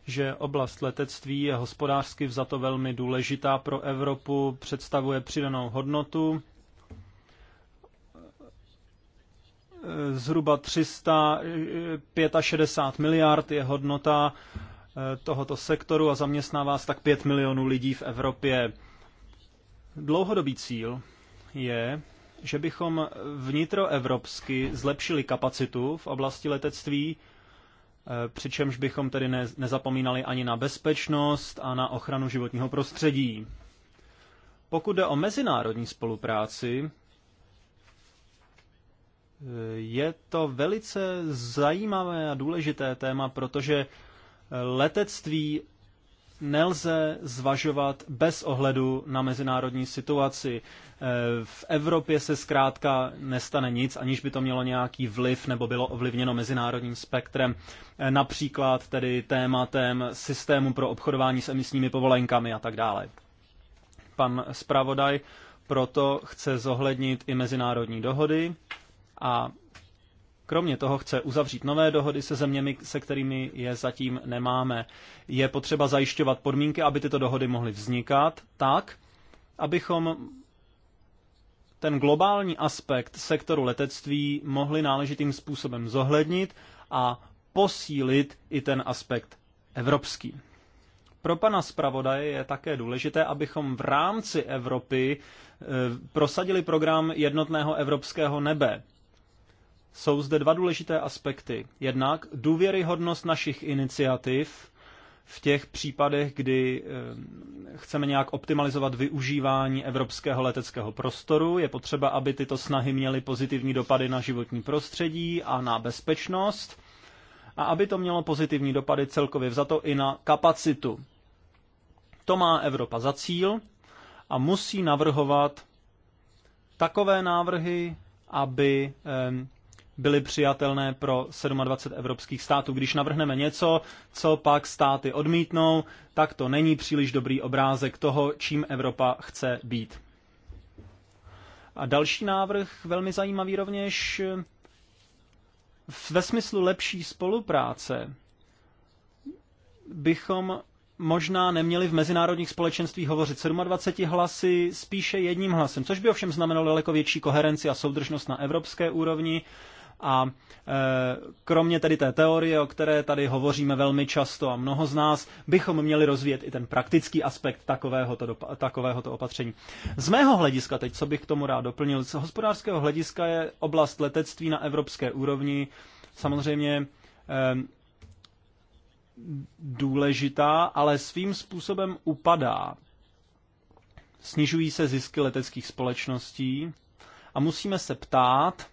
že oblast letectví je hospodářsky vzato velmi důležitá pro Evropu, představuje přidanou hodnotu. Zhruba 365 miliard je hodnota eh, tohoto sektoru a zaměstnává se tak 5 milionů lidí v Evropě. Dlouhodobý cíl je, že bychom vnitroevropsky zlepšili kapacitu v oblasti letectví, eh, přičemž bychom tedy nezapomínali ani na bezpečnost a na ochranu životního prostředí. Pokud jde o mezinárodní spolupráci, eh, je to velice zajímavé a důležité téma, protože letectví nelze zvažovat bez ohledu na mezinárodní situaci. E, v Evropě se zkrátka nestane nic, aniž by to mělo nějaký vliv nebo bylo ovlivněno mezinárodním spektrem, e, například tedy tématem systému pro obchodování s emisními povolenkami a tak dále. Pan zpravodaj proto chce zohlednit i mezinárodní dohody a Kromě toho chce uzavřít nové dohody se zeměmi, se kterými je zatím nemáme. Je potřeba zajišťovat podmínky, aby tyto dohody mohly vznikat tak, abychom ten globální aspekt sektoru letectví mohli náležitým způsobem zohlednit a posílit i ten aspekt evropský. Pro pana zpravodaje je také důležité, abychom v rámci Evropy eh, prosadili program jednotného evropského nebe jsou zde dva důležité aspekty. Jednak důvěryhodnost našich iniciativ v těch případech, kdy eh, chceme nějak optimalizovat využívání evropského leteckého prostoru. Je potřeba, aby tyto snahy měly pozitivní dopady na životní prostředí a na bezpečnost a aby to mělo pozitivní dopady celkově vzato i na kapacitu. To má Evropa za cíl a musí navrhovat takové návrhy, aby eh, byly přijatelné pro 27 evropských států. Když navrhneme něco, co pak státy odmítnou, tak to není příliš dobrý obrázek toho, čím Evropa chce být. A další návrh, velmi zajímavý rovněž, ve smyslu lepší spolupráce bychom možná neměli v mezinárodních společenstvích hovořit 27 hlasy, spíše jedním hlasem, což by ovšem znamenalo daleko větší koherenci a soudržnost na evropské úrovni a e, kromě tedy té teorie, o které tady hovoříme velmi často a mnoho z nás, bychom měli rozvíjet i ten praktický aspekt takovéhoto, dopa- takovéhoto opatření. Z mého hlediska, teď co bych k tomu rád doplnil, z hospodářského hlediska je oblast letectví na evropské úrovni samozřejmě e, důležitá, ale svým způsobem upadá. Snižují se zisky leteckých společností a musíme se ptát,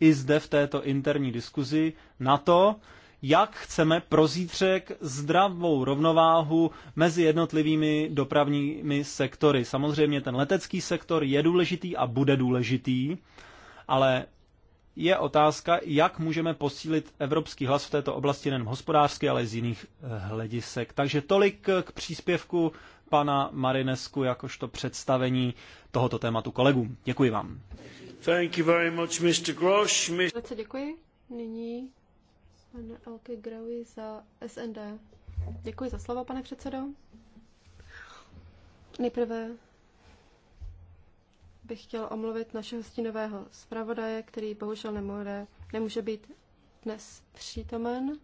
i zde v této interní diskuzi na to, jak chceme pro zítřek zdravou rovnováhu mezi jednotlivými dopravními sektory. Samozřejmě ten letecký sektor je důležitý a bude důležitý, ale je otázka, jak můžeme posílit evropský hlas v této oblasti nejen hospodářsky, ale i z jiných eh, hledisek. Takže tolik eh, k příspěvku pana Marinesku jakožto představení tohoto tématu kolegům. Děkuji vám. Thank you very much, Mr. Grosch. Velice děkuji. Nyní pan Elke Graui za SND. Děkuji za slovo, pane předsedo. Nejprve bych chtěl omluvit našeho stínového zpravodaje, který bohužel nemůže, nemůže být dnes přítomen.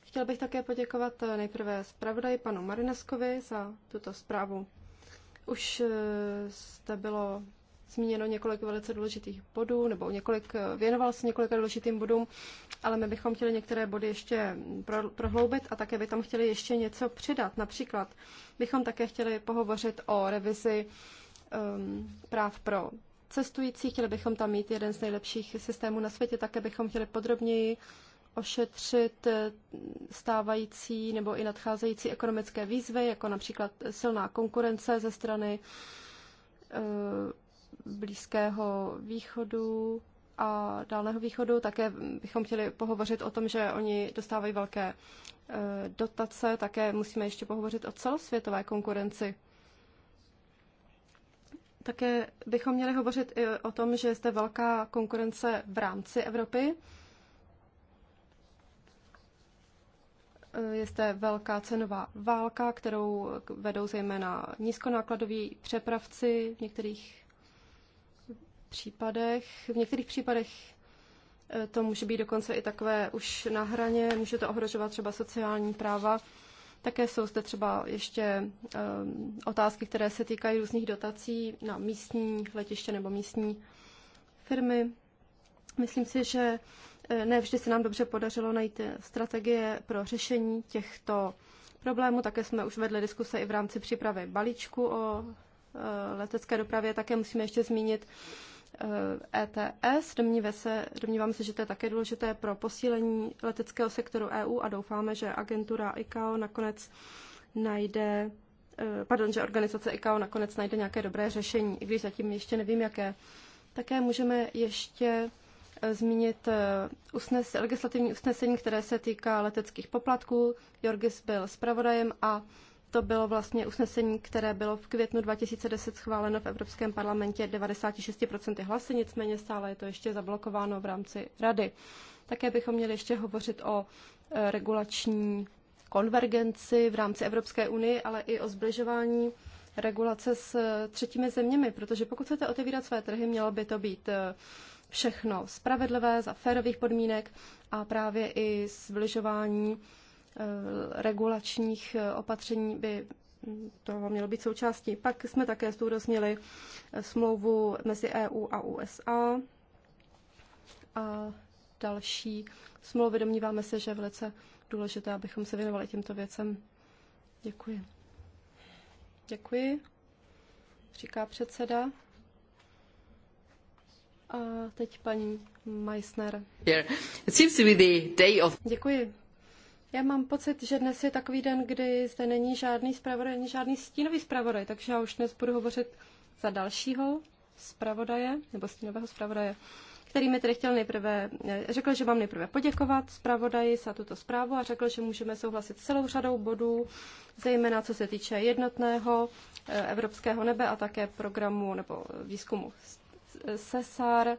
Chtěl bych také poděkovat eh, nejprve zpravodaji panu Marineskovi za tuto zprávu. Už eh, jste bylo zmíněno několik velice důležitých bodů, nebo několik, eh, věnoval se několika důležitým bodům, ale my bychom chtěli některé body ještě pro, prohloubit a také by tam chtěli ještě něco přidat. Například bychom také chtěli pohovořit o revizi um, práv pro cestující, chtěli bychom tam mít jeden z nejlepších systémů na světě, také bychom chtěli podrobněji ošetřit eh, stávající nebo i nadcházející ekonomické výzvy, jako například silná konkurence ze strany eh, Blízkého východu a Dálného východu. Také bychom chtěli pohovořit o tom, že oni dostávají velké eh, dotace. Také musíme ještě pohovořit o celosvětové konkurenci. Také bychom měli hovořit i o tom, že je zde velká konkurence v rámci Evropy Eh, je zde velká cenová válka, kterou vedou zejména nízkonákladoví přepravci v některých případech. V některých případech eh, to může být dokonce i takové už na hraně, může to ohrožovat třeba sociální práva. Také jsou zde třeba ještě um, otázky, které se týkají různých dotací na místní letiště nebo místní firmy. Myslím si, že ne vždy se nám dobře podařilo najít strategie pro řešení těchto problémů. Také jsme už vedli diskuse i v rámci přípravy balíčku o eh, letecké dopravě. Také musíme ještě zmínit ETS. Eh, e se, domnívám se, že to je také důležité pro posílení leteckého sektoru EU a doufáme, že agentura ICAO nakonec najde, eh, pardon, že organizace ICAO nakonec najde nějaké dobré řešení, i když zatím ještě nevím, jaké. Také můžeme ještě zmínit eh, usnes, legislativní usnesení, které se týká leteckých poplatků. Jorgis byl zpravodajem a to bylo vlastně usnesení, které bylo v květnu 2010 schváleno v Evropském parlamentě 96% hlasy, nicméně stále je to ještě zablokováno v rámci rady. Také bychom měli ještě hovořit o eh, regulační konvergenci v rámci Evropské unie, ale i o zbližování regulace s eh, třetími zeměmi, protože pokud chcete otevírat své trhy, mělo by to být všechno spravedlivé, za férových podmínek a právě i zbližování eh, regulačních eh, opatření by toho mělo být součástí. Pak jsme také zdůraznili eh, smlouvu mezi EU a USA a další smlouvy. Domníváme se, že je velice důležité, abychom se věnovali těmto věcem. Děkuji. Děkuji, říká předseda teď paní Meissner. It seems to be the day of... Děkuji. Já mám pocit, že dnes je takový den, kdy zde není žádný zpravodaj, ani žádný stínový zpravodaj, takže já už dnes budu hovořit za dalšího zpravodaje, nebo stínového zpravodaje, který mi tedy chtěl nejprve, řekl, že mám nejprve poděkovat zpravodaji za tuto zprávu a řekl, že můžeme souhlasit celou řadou bodů, zejména co se týče jednotného eh, evropského nebe a také programu nebo eh, výzkumu Sesar. Eh,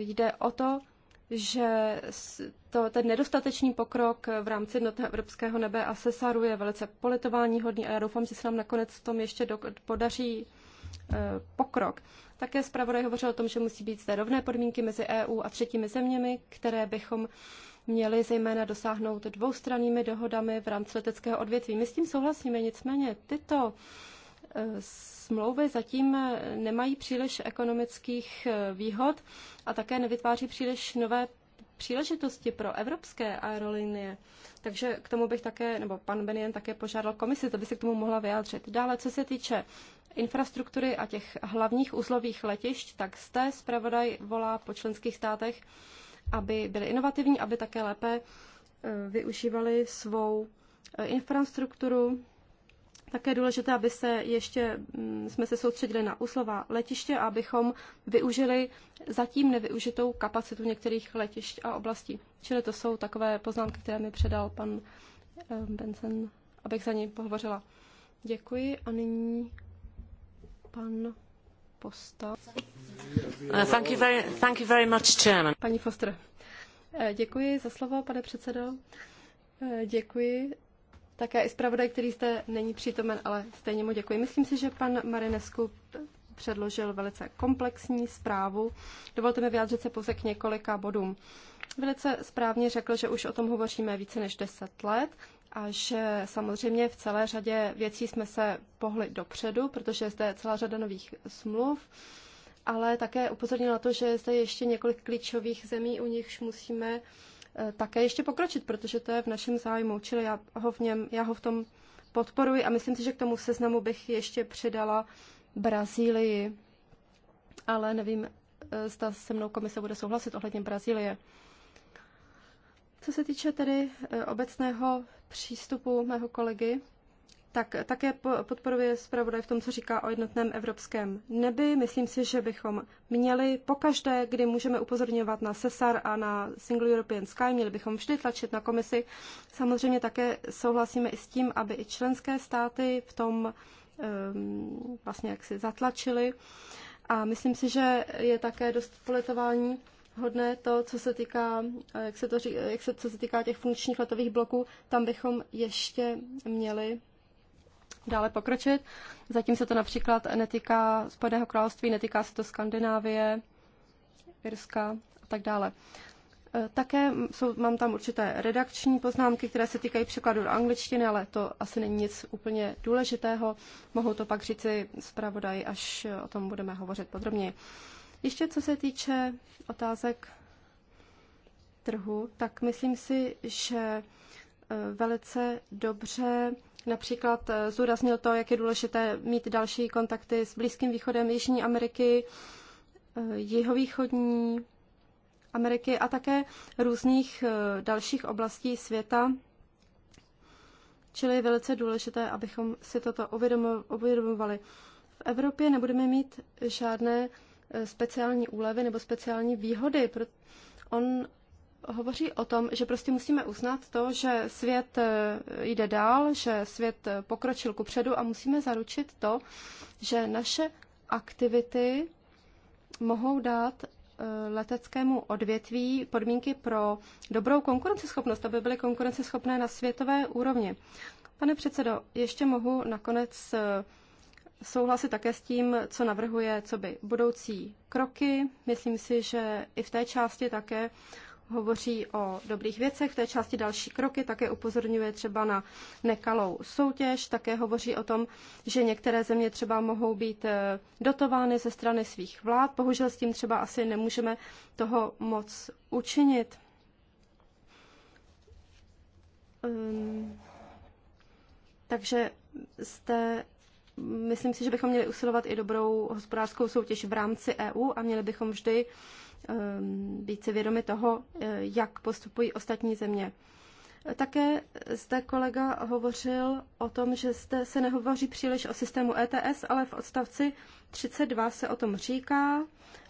jde o to, že to, ten nedostatečný pokrok v rámci jednotného evropského nebe a sesaru je velice politování hodný a já doufám, že se nám nakonec v tom ještě do, podaří eh, pokrok. Také zpravodaj hovořil o tom, že musí být zde rovné podmínky mezi EU a třetími zeměmi, které bychom měli zejména dosáhnout dvoustrannými dohodami v rámci leteckého odvětví. My s tím souhlasíme, nicméně tyto smlouvy zatím nemají příliš ekonomických eh, výhod a také nevytváří příliš nové příležitosti pro evropské aerolinie. Takže k tomu bych také, nebo pan Benien také požádal komisi, to by se k tomu mohla vyjádřit. Dále, co se týče infrastruktury a těch hlavních uzlových letišť, tak zde zpravodaj volá po členských státech, aby byly inovativní, aby také lépe eh, využívali svou eh, infrastrukturu, také je důležité, aby se ještě mm, jsme se soustředili na úslova letiště a abychom využili zatím nevyužitou kapacitu některých letišť a oblastí. Čili to jsou takové poznámky, které mi předal pan eh, Benson, abych za ní pohovořila. Děkuji a nyní pan Posta. Uh, thank you very, thank you very much, Chairman. Paní Foster. Eh, děkuji za slovo, pane předsedo. Eh, děkuji také i zpravodaj, který zde není přítomen, ale stejně mu děkuji. Myslím si, že pan Marinesku předložil velice komplexní zprávu. Dovolte mi vyjádřit se pouze k několika bodům. Velice správně řekl, že už o tom hovoříme více než 10 let a že samozřejmě v celé řadě věcí jsme se pohli dopředu, protože je zde celá řada nových smluv, ale také upozornil na to, že je zde ještě několik klíčových zemí, u nichž musíme Eh, také ještě pokročit, protože to je v našem zájmu, čili já ho v, něm, já ho v tom podporuji a myslím si, že k tomu seznamu bych ještě přidala Brazílii, ale nevím, eh, zda se mnou komise bude souhlasit ohledně Brazílie. Co se týče tedy eh, obecného přístupu mého kolegy, tak také podporuje zpravodaj v tom, co říká o jednotném evropském nebi. Myslím si, že bychom měli pokaždé, kdy můžeme upozorňovat na SESAR a na Single European Sky, měli bychom vždy tlačit na komisi. Samozřejmě také souhlasíme i s tím, aby i členské státy v tom um, vlastně jaksi zatlačili. A myslím si, že je také dost politování hodné to, co se týká, jak se to, jak se, co se týká těch funkčních letových bloků, tam bychom ještě měli dále pokročit. Zatím se to například netýká Spojeného království, netýká se to Skandinávie, Irska a tak dále. E, také jsou, mám tam určité redakční poznámky, které se týkají překladu do angličtiny, ale to asi není nic úplně důležitého. Mohou to pak říci zpravodaj, až o tom budeme hovořit podrobněji. Ještě co se týče otázek trhu, tak myslím si, že e, velice dobře Například eh, zúraznil to, jak je důležité mít další kontakty s Blízkým východem Jižní Ameriky, eh, jihovýchodní Ameriky a také různých eh, dalších oblastí světa. Čili je velice důležité, abychom si toto uvědomovali. V Evropě nebudeme mít žádné speciální úlevy nebo speciální výhody. On hovoří o tom, že prostě musíme uznat to, že svět eh, jde dál, že svět eh, pokročil kupředu a musíme zaručit to, že naše aktivity mohou dát eh, leteckému odvětví podmínky pro dobrou konkurenceschopnost, aby byly konkurenceschopné na světové úrovni. Pane předsedo, ještě mohu nakonec souhlasit také s tím, co navrhuje, co by budoucí kroky. Myslím si, že i v té části také hovoří o dobrých věcech, v té části další kroky, také upozorňuje třeba na nekalou soutěž, také hovoří o tom, že některé země třeba mohou být eh, dotovány ze strany svých vlád. Bohužel s tím třeba asi nemůžeme toho moc učinit. Um, takže jste myslím si, že bychom měli usilovat i dobrou hospodářskou soutěž v rámci EU a měli bychom vždy Ehm, být si vědomi toho, eh, jak postupují ostatní země. Také zde kolega hovořil o tom, že zde se nehovoří příliš o systému ETS, ale v odstavci 32 se o tom říká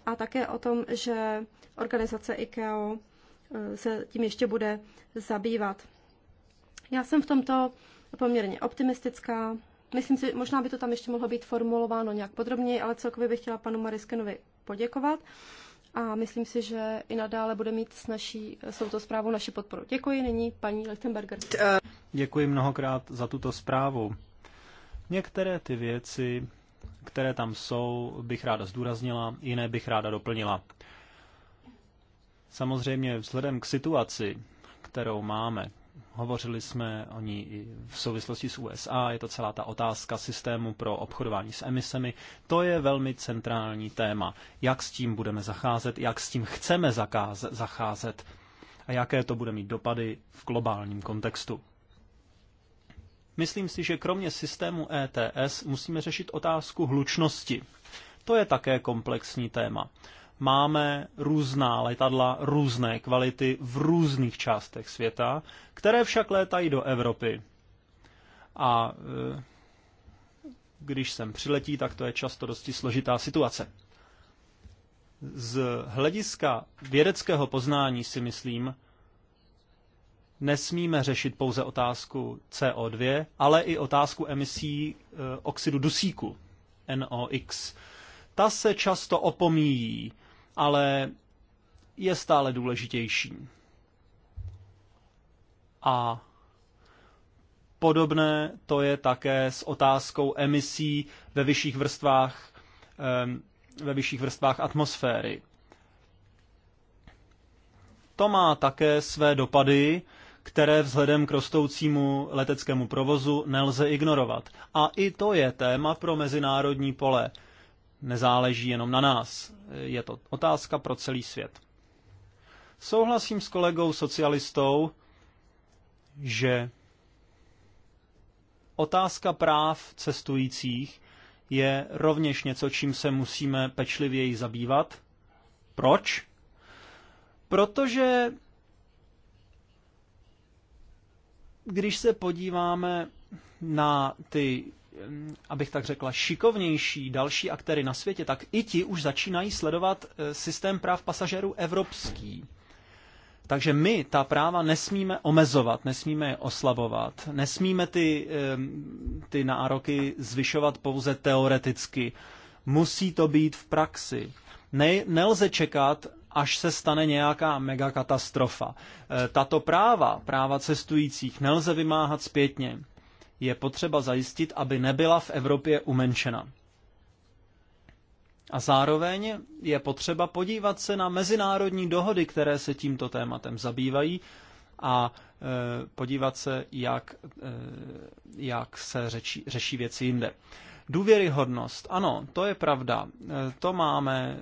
a také o tom, že organizace ICAO eh, se tím ještě bude zabývat. Já jsem v tomto poměrně optimistická. Myslím si, možná by to tam ještě mohlo být formulováno nějak podrobněji, ale celkově bych chtěla panu Mariskenovi poděkovat a myslím si, že i nadále bude mít s, naší, touto zprávou naši podporu. Děkuji nyní paní Lichtenberger. Děkuji mnohokrát za tuto zprávu. Některé ty věci, které tam jsou, bych ráda zdůraznila, jiné bych ráda doplnila. Samozřejmě vzhledem k situaci, kterou máme, Hovořili jsme o ní i v souvislosti s USA, je to celá ta otázka systému pro obchodování s emisemi. To je velmi centrální téma. Jak s tím budeme zacházet, jak s tím chceme zakáze, zacházet a jaké to bude mít dopady v globálním kontextu. Myslím si, že kromě systému ETS musíme řešit otázku hlučnosti. To je také komplexní téma máme různá letadla různé kvality v různých částech světa, které však létají do Evropy. A e, když sem přiletí, tak to je často dosti složitá situace. Z hlediska vědeckého poznání si myslím, nesmíme řešit pouze otázku CO2, ale i otázku emisí e, oxidu dusíku, NOx. Ta se často opomíjí ale je stále důležitější. A podobné to je také s otázkou emisí ve vyšších vrstvách, ve vyšších vrstvách atmosféry. To má také své dopady, které vzhledem k rostoucímu leteckému provozu nelze ignorovat. A i to je téma pro mezinárodní pole nezáleží jenom na nás. Je to otázka pro celý svět. Souhlasím s kolegou socialistou, že otázka práv cestujících je rovněž něco, čím se musíme pečlivěji zabývat. Proč? Protože když se podíváme na ty Ehm, abych tak řekla, šikovnější další aktéry na světě, tak i ti už začínají sledovat eh, systém práv pasažerů evropský. Takže my ta práva nesmíme omezovat, nesmíme je oslabovat, nesmíme ty, ehm, ty nároky zvyšovat pouze teoreticky. Musí to být v praxi. Ne, nelze čekat, až se stane nějaká megakatastrofa. Eh, tato práva, práva cestujících, nelze vymáhat zpětně je potřeba zajistit, aby nebyla v Evropě umenšena. A zároveň je potřeba podívat se na mezinárodní dohody, které se tímto tématem zabývají a e, podívat se, jak, e, jak se řeší, řeší věci jinde. Důvěryhodnost, ano, to je pravda. E, to máme,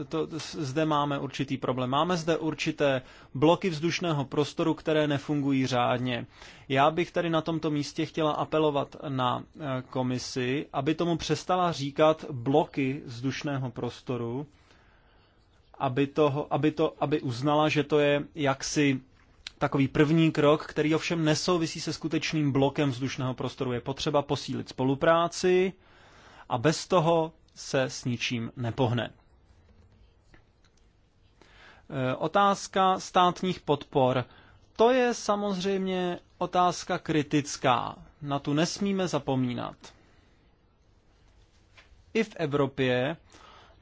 e, to, zde máme určitý problém. Máme zde určité bloky vzdušného prostoru, které nefungují řádně. Já bych tady na tomto místě chtěla apelovat na e, komisi, aby tomu přestala říkat bloky vzdušného prostoru, aby, toho, aby, to, aby uznala, že to je jaksi takový první krok, který ovšem nesouvisí se skutečným blokem vzdušného prostoru. Je potřeba posílit spolupráci a bez toho se s ničím nepohne. E, otázka státních podpor. To je samozřejmě otázka kritická. Na tu nesmíme zapomínat. I v Evropě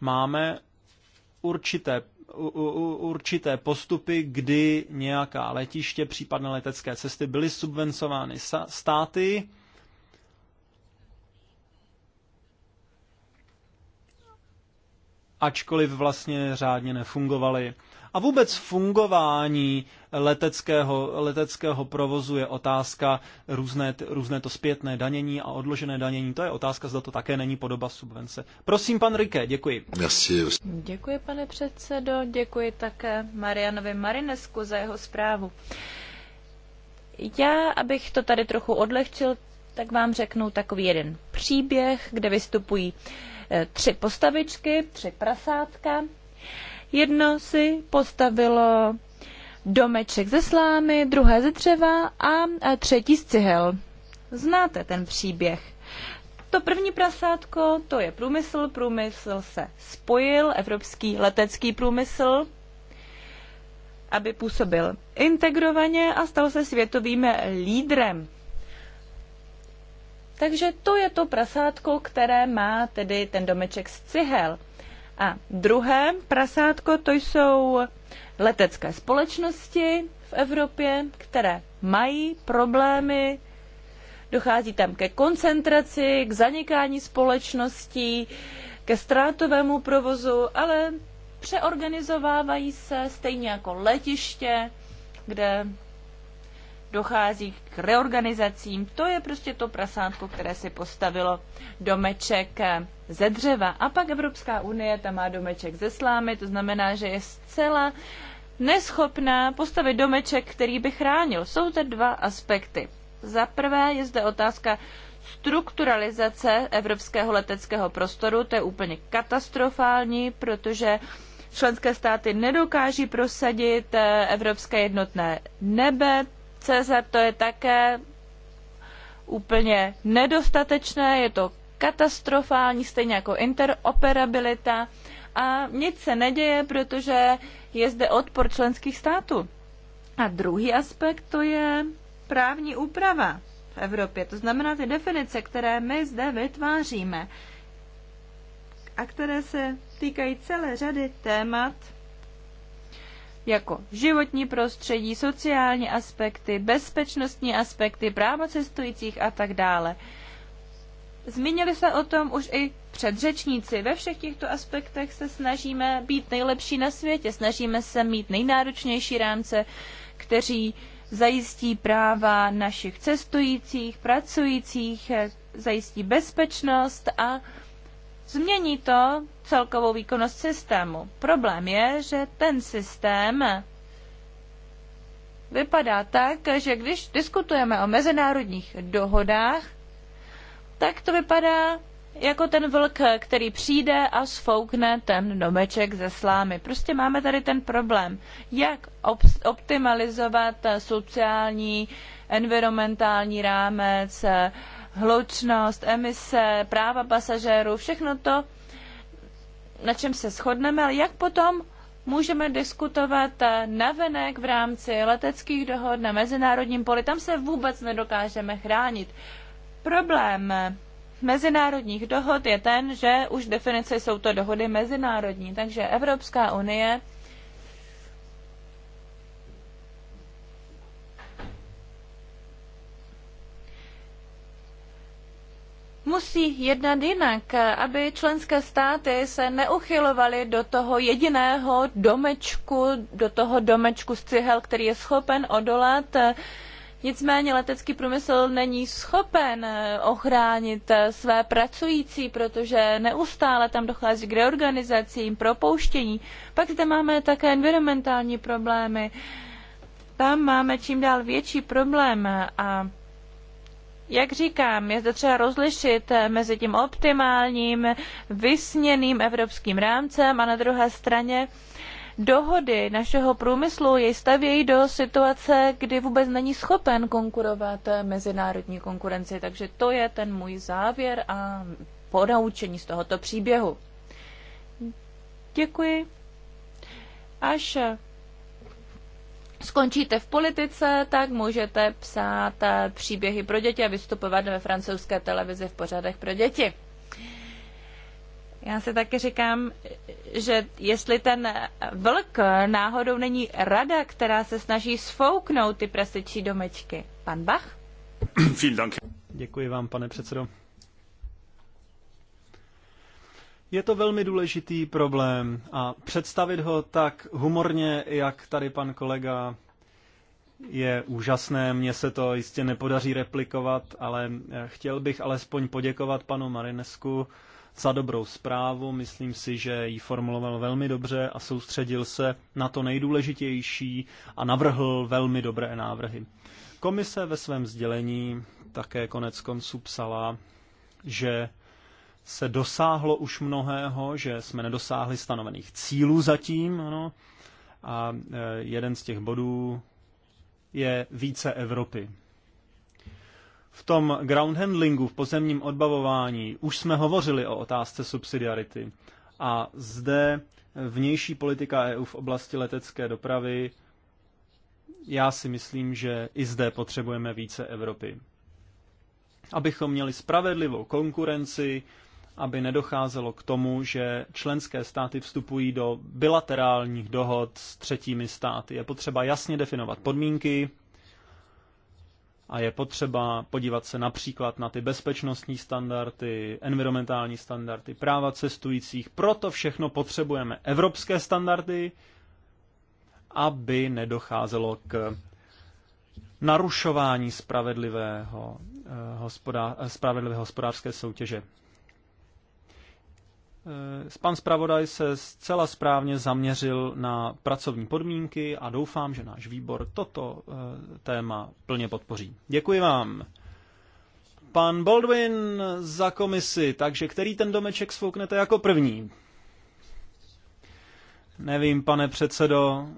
máme určité, u, u, určité postupy, kdy nějaká letiště, případné letecké cesty byly subvencovány státy ačkoliv vlastně řádně nefungovaly. A vůbec fungování leteckého, leteckého provozu je otázka různé, různé to zpětné danění a odložené danění. To je otázka, zda to také není podoba subvence. Prosím, pan Rike, děkuji. Merci. Děkuji, pane předsedo, děkuji také Marianovi Marinesku za jeho zprávu. Já, abych to tady trochu odlehčil, tak vám řeknu takový jeden příběh, kde vystupují eh, tři postavičky, tři prasátka. Jedno si postavilo domeček ze slámy, druhé ze dřeva a třetí z cihel. Znáte ten příběh. To první prasátko, to je průmysl, průmysl se spojil, evropský letecký průmysl, aby působil integrovaně a stal se světovým lídrem takže to je to prasátko, které má tedy ten domeček z cihel. A druhé prasátko to jsou letecké společnosti v Evropě, které mají problémy, dochází tam ke koncentraci, k zanikání společností, ke ztrátovému provozu, ale přeorganizovávají se stejně jako letiště, kde dochází k reorganizacím. To je prostě to prasátko, které si postavilo domeček ze dřeva. A pak Evropská unie tam má domeček ze slámy, to znamená, že je zcela neschopná postavit domeček, který by chránil. Jsou zde dva aspekty. Za prvé je zde otázka strukturalizace evropského leteckého prostoru. To je úplně katastrofální, protože členské státy nedokáží prosadit eh, evropské jednotné nebe, CZ to je také úplně nedostatečné, je to katastrofální, stejně jako interoperabilita a nic se neděje, protože je zde odpor členských států. A druhý aspekt to je právní úprava v Evropě, to znamená ty definice, které my zde vytváříme a které se týkají celé řady témat, jako životní prostředí, sociální aspekty, bezpečnostní aspekty, práva cestujících a tak dále. Zmínili se o tom už i předřečníci. Ve všech těchto aspektech se snažíme být nejlepší na světě, snažíme se mít nejnáročnější rámce, kteří zajistí práva našich cestujících, pracujících, zajistí bezpečnost a Změní to celkovou výkonnost systému. Problém je, že ten systém vypadá tak, že když diskutujeme o mezinárodních dohodách, tak to vypadá jako ten vlk, který přijde a sfoukne ten domeček ze slámy. Prostě máme tady ten problém, jak optimalizovat sociální, environmentální rámec, hlučnost, emise, práva pasažérů, všechno to, na čem se shodneme, ale jak potom můžeme diskutovat navenek v rámci leteckých dohod na mezinárodním poli. Tam se vůbec nedokážeme chránit. Problém mezinárodních dohod je ten, že už definice jsou to dohody mezinárodní, takže Evropská unie musí jednat jinak, aby členské státy se neuchylovaly do toho jediného domečku, do toho domečku z cihel, který je schopen odolat. Nicméně letecký průmysl není schopen eh, ochránit eh, své pracující, protože neustále tam dochází k reorganizacím, propouštění. Pak zde máme také environmentální problémy. Tam máme čím dál větší problém a jak říkám, je zde třeba rozlišit eh, mezi tím optimálním, vysněným evropským rámcem a na druhé straně dohody našeho průmyslu jej stavějí do situace, kdy vůbec není schopen konkurovat eh, mezinárodní konkurenci. Takže to je ten můj závěr a ponaučení z tohoto příběhu. Děkuji. Až skončíte v politice, tak můžete psát eh, příběhy pro děti a vystupovat ve francouzské televizi v pořadech pro děti. Já si taky říkám, že jestli ten vlk náhodou není rada, která se snaží sfouknout ty prasečí domečky. Pan Bach? Děkuji vám, pane předsedo. Je to velmi důležitý problém a představit ho tak humorně, jak tady pan kolega, je úžasné. Mně se to jistě nepodaří replikovat, ale eh, chtěl bych alespoň poděkovat panu Marinesku za dobrou zprávu. Myslím si, že ji formuloval velmi dobře a soustředil se na to nejdůležitější a navrhl velmi dobré návrhy. Komise ve svém sdělení také konec konců psala, že se dosáhlo už mnohého, že jsme nedosáhli stanovených cílů zatím. Ano. A e, jeden z těch bodů je více Evropy. V tom ground handlingu, v pozemním odbavování, už jsme hovořili o otázce subsidiarity. A zde vnější politika EU v oblasti letecké dopravy, já si myslím, že i zde potřebujeme více Evropy. Abychom měli spravedlivou konkurenci, aby nedocházelo k tomu, že členské státy vstupují do bilaterálních dohod s třetími státy. Je potřeba jasně definovat podmínky a je potřeba podívat se například na ty bezpečnostní standardy, environmentální standardy, práva cestujících. Proto všechno potřebujeme evropské standardy, aby nedocházelo k narušování spravedlivého, eh, spravedlivé hospodářské soutěže. Eh, pan zpravodaj se zcela správně zaměřil na pracovní podmínky a doufám, že náš výbor toto eh, téma plně podpoří. Děkuji vám. Pan Baldwin za komisi, takže který ten domeček svouknete jako první? Nevím, pane předsedo,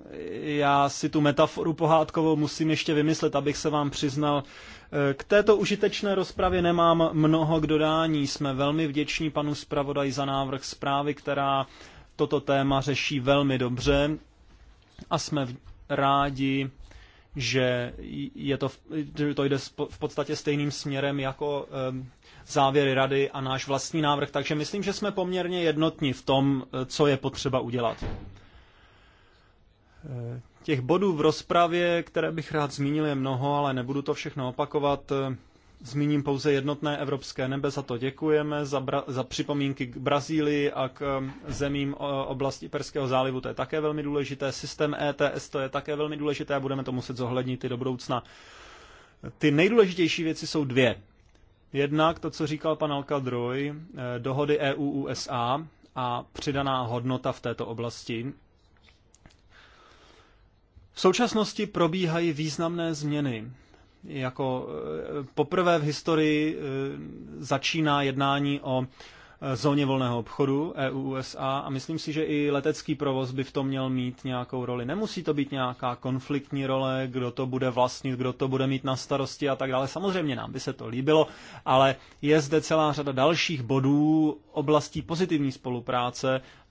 já si tu metaforu pohádkovou musím ještě vymyslet, abych se vám přiznal. K této užitečné rozpravě nemám mnoho k dodání. Jsme velmi vděční panu zpravodaj za návrh zprávy, která toto téma řeší velmi dobře a jsme rádi, že je to, že to jde v podstatě stejným směrem jako ehm, závěry rady a náš vlastní návrh, takže myslím, že jsme poměrně jednotní v tom, eh, co je potřeba udělat. Eh, těch bodů v rozpravě, které bych rád zmínil, je mnoho, ale nebudu to všechno opakovat. Eh, zmíním pouze jednotné evropské nebe, za to děkujeme, za, bra- za připomínky k Brazílii a k zemím oblasti Perského zálivu, to je také velmi důležité, systém ETS, to je také velmi důležité a budeme to muset zohlednit i do budoucna. Ty nejdůležitější věci jsou dvě. Jednak to, co říkal pan Alcadroy, eh, dohody EU-USA a přidaná hodnota v této oblasti. V současnosti probíhají významné změny. Jako eh, poprvé v historii eh, začíná jednání o Eh, zóně volného obchodu EU-USA a myslím si, že i letecký provoz by v tom měl mít nějakou roli. Nemusí to být nějaká konfliktní role, kdo to bude vlastnit, kdo to bude mít na starosti a tak dále. Samozřejmě nám by se to líbilo, ale je zde celá řada dalších bodů oblastí pozitivní spolupráce, eh,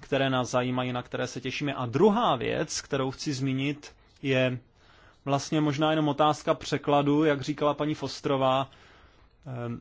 které nás zajímají, na které se těšíme. A druhá věc, kterou chci zmínit, je vlastně možná jenom otázka překladu, jak říkala paní Fostrová, ehm,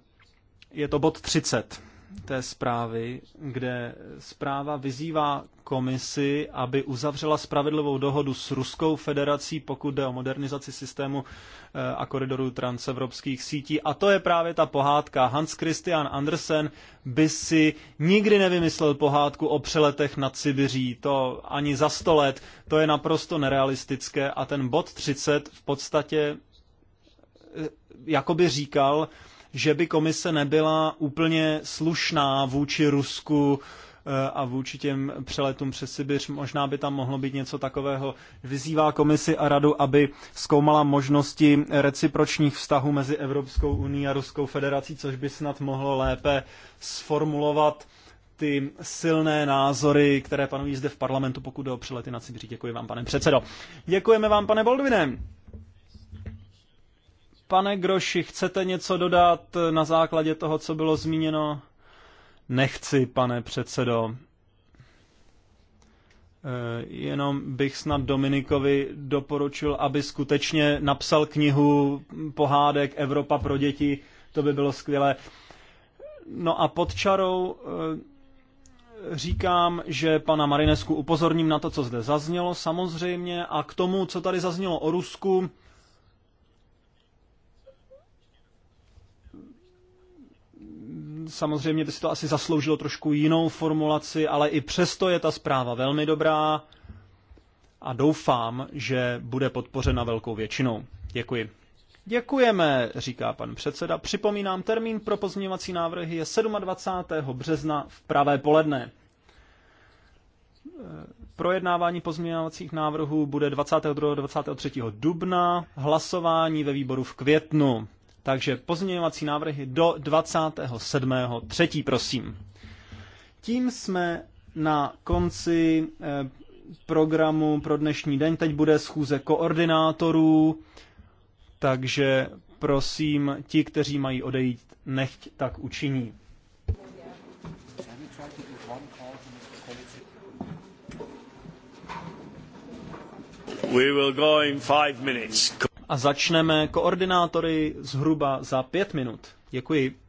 je to bod 30 té zprávy, kde zpráva vyzývá komisi, aby uzavřela spravedlivou dohodu s Ruskou federací, pokud jde o modernizaci systému eh, a koridorů transevropských sítí. A to je právě ta pohádka. Hans Christian Andersen by si nikdy nevymyslel pohádku o přeletech nad Sibiří. To ani za sto let. To je naprosto nerealistické. A ten bod 30 v podstatě eh, jakoby říkal, že by komise nebyla úplně slušná vůči Rusku eh, a vůči těm přeletům přes Sibiř. Možná by tam mohlo být něco takového. Vyzývá komisi a radu, aby zkoumala možnosti recipročních vztahů mezi Evropskou unii a Ruskou federací, což by snad mohlo lépe sformulovat ty silné názory, které panují zde v parlamentu, pokud jde o přelety na Sibiří. Děkuji vám, pane předsedo. Děkujeme vám, pane Boldvinem. Pane Groši, chcete něco dodat na základě toho, co bylo zmíněno? Nechci, pane předsedo. Eh, jenom bych snad Dominikovi doporučil, aby skutečně napsal knihu pohádek Evropa pro děti. To by bylo skvělé. No a pod čarou eh, říkám, že pana Marinesku upozorním na to, co zde zaznělo samozřejmě a k tomu, co tady zaznělo o Rusku, samozřejmě by si to asi zasloužilo trošku jinou formulaci, ale i přesto je ta zpráva velmi dobrá a doufám, že bude podpořena velkou většinou. Děkuji. Děkujeme, říká pan předseda. Připomínám, termín pro pozměňovací návrhy je 27. března v pravé poledne. Projednávání pozměňovacích návrhů bude 22. a 23. dubna, hlasování ve výboru v květnu. Takže pozměňovací návrhy do 27. třetí prosím. Tím jsme na konci eh, programu pro dnešní den. Teď bude schůze koordinátorů, takže prosím, ti, kteří mají odejít, nechť tak učiní. We will go in five minutes a začneme koordinátory zhruba za pět minut. Děkuji.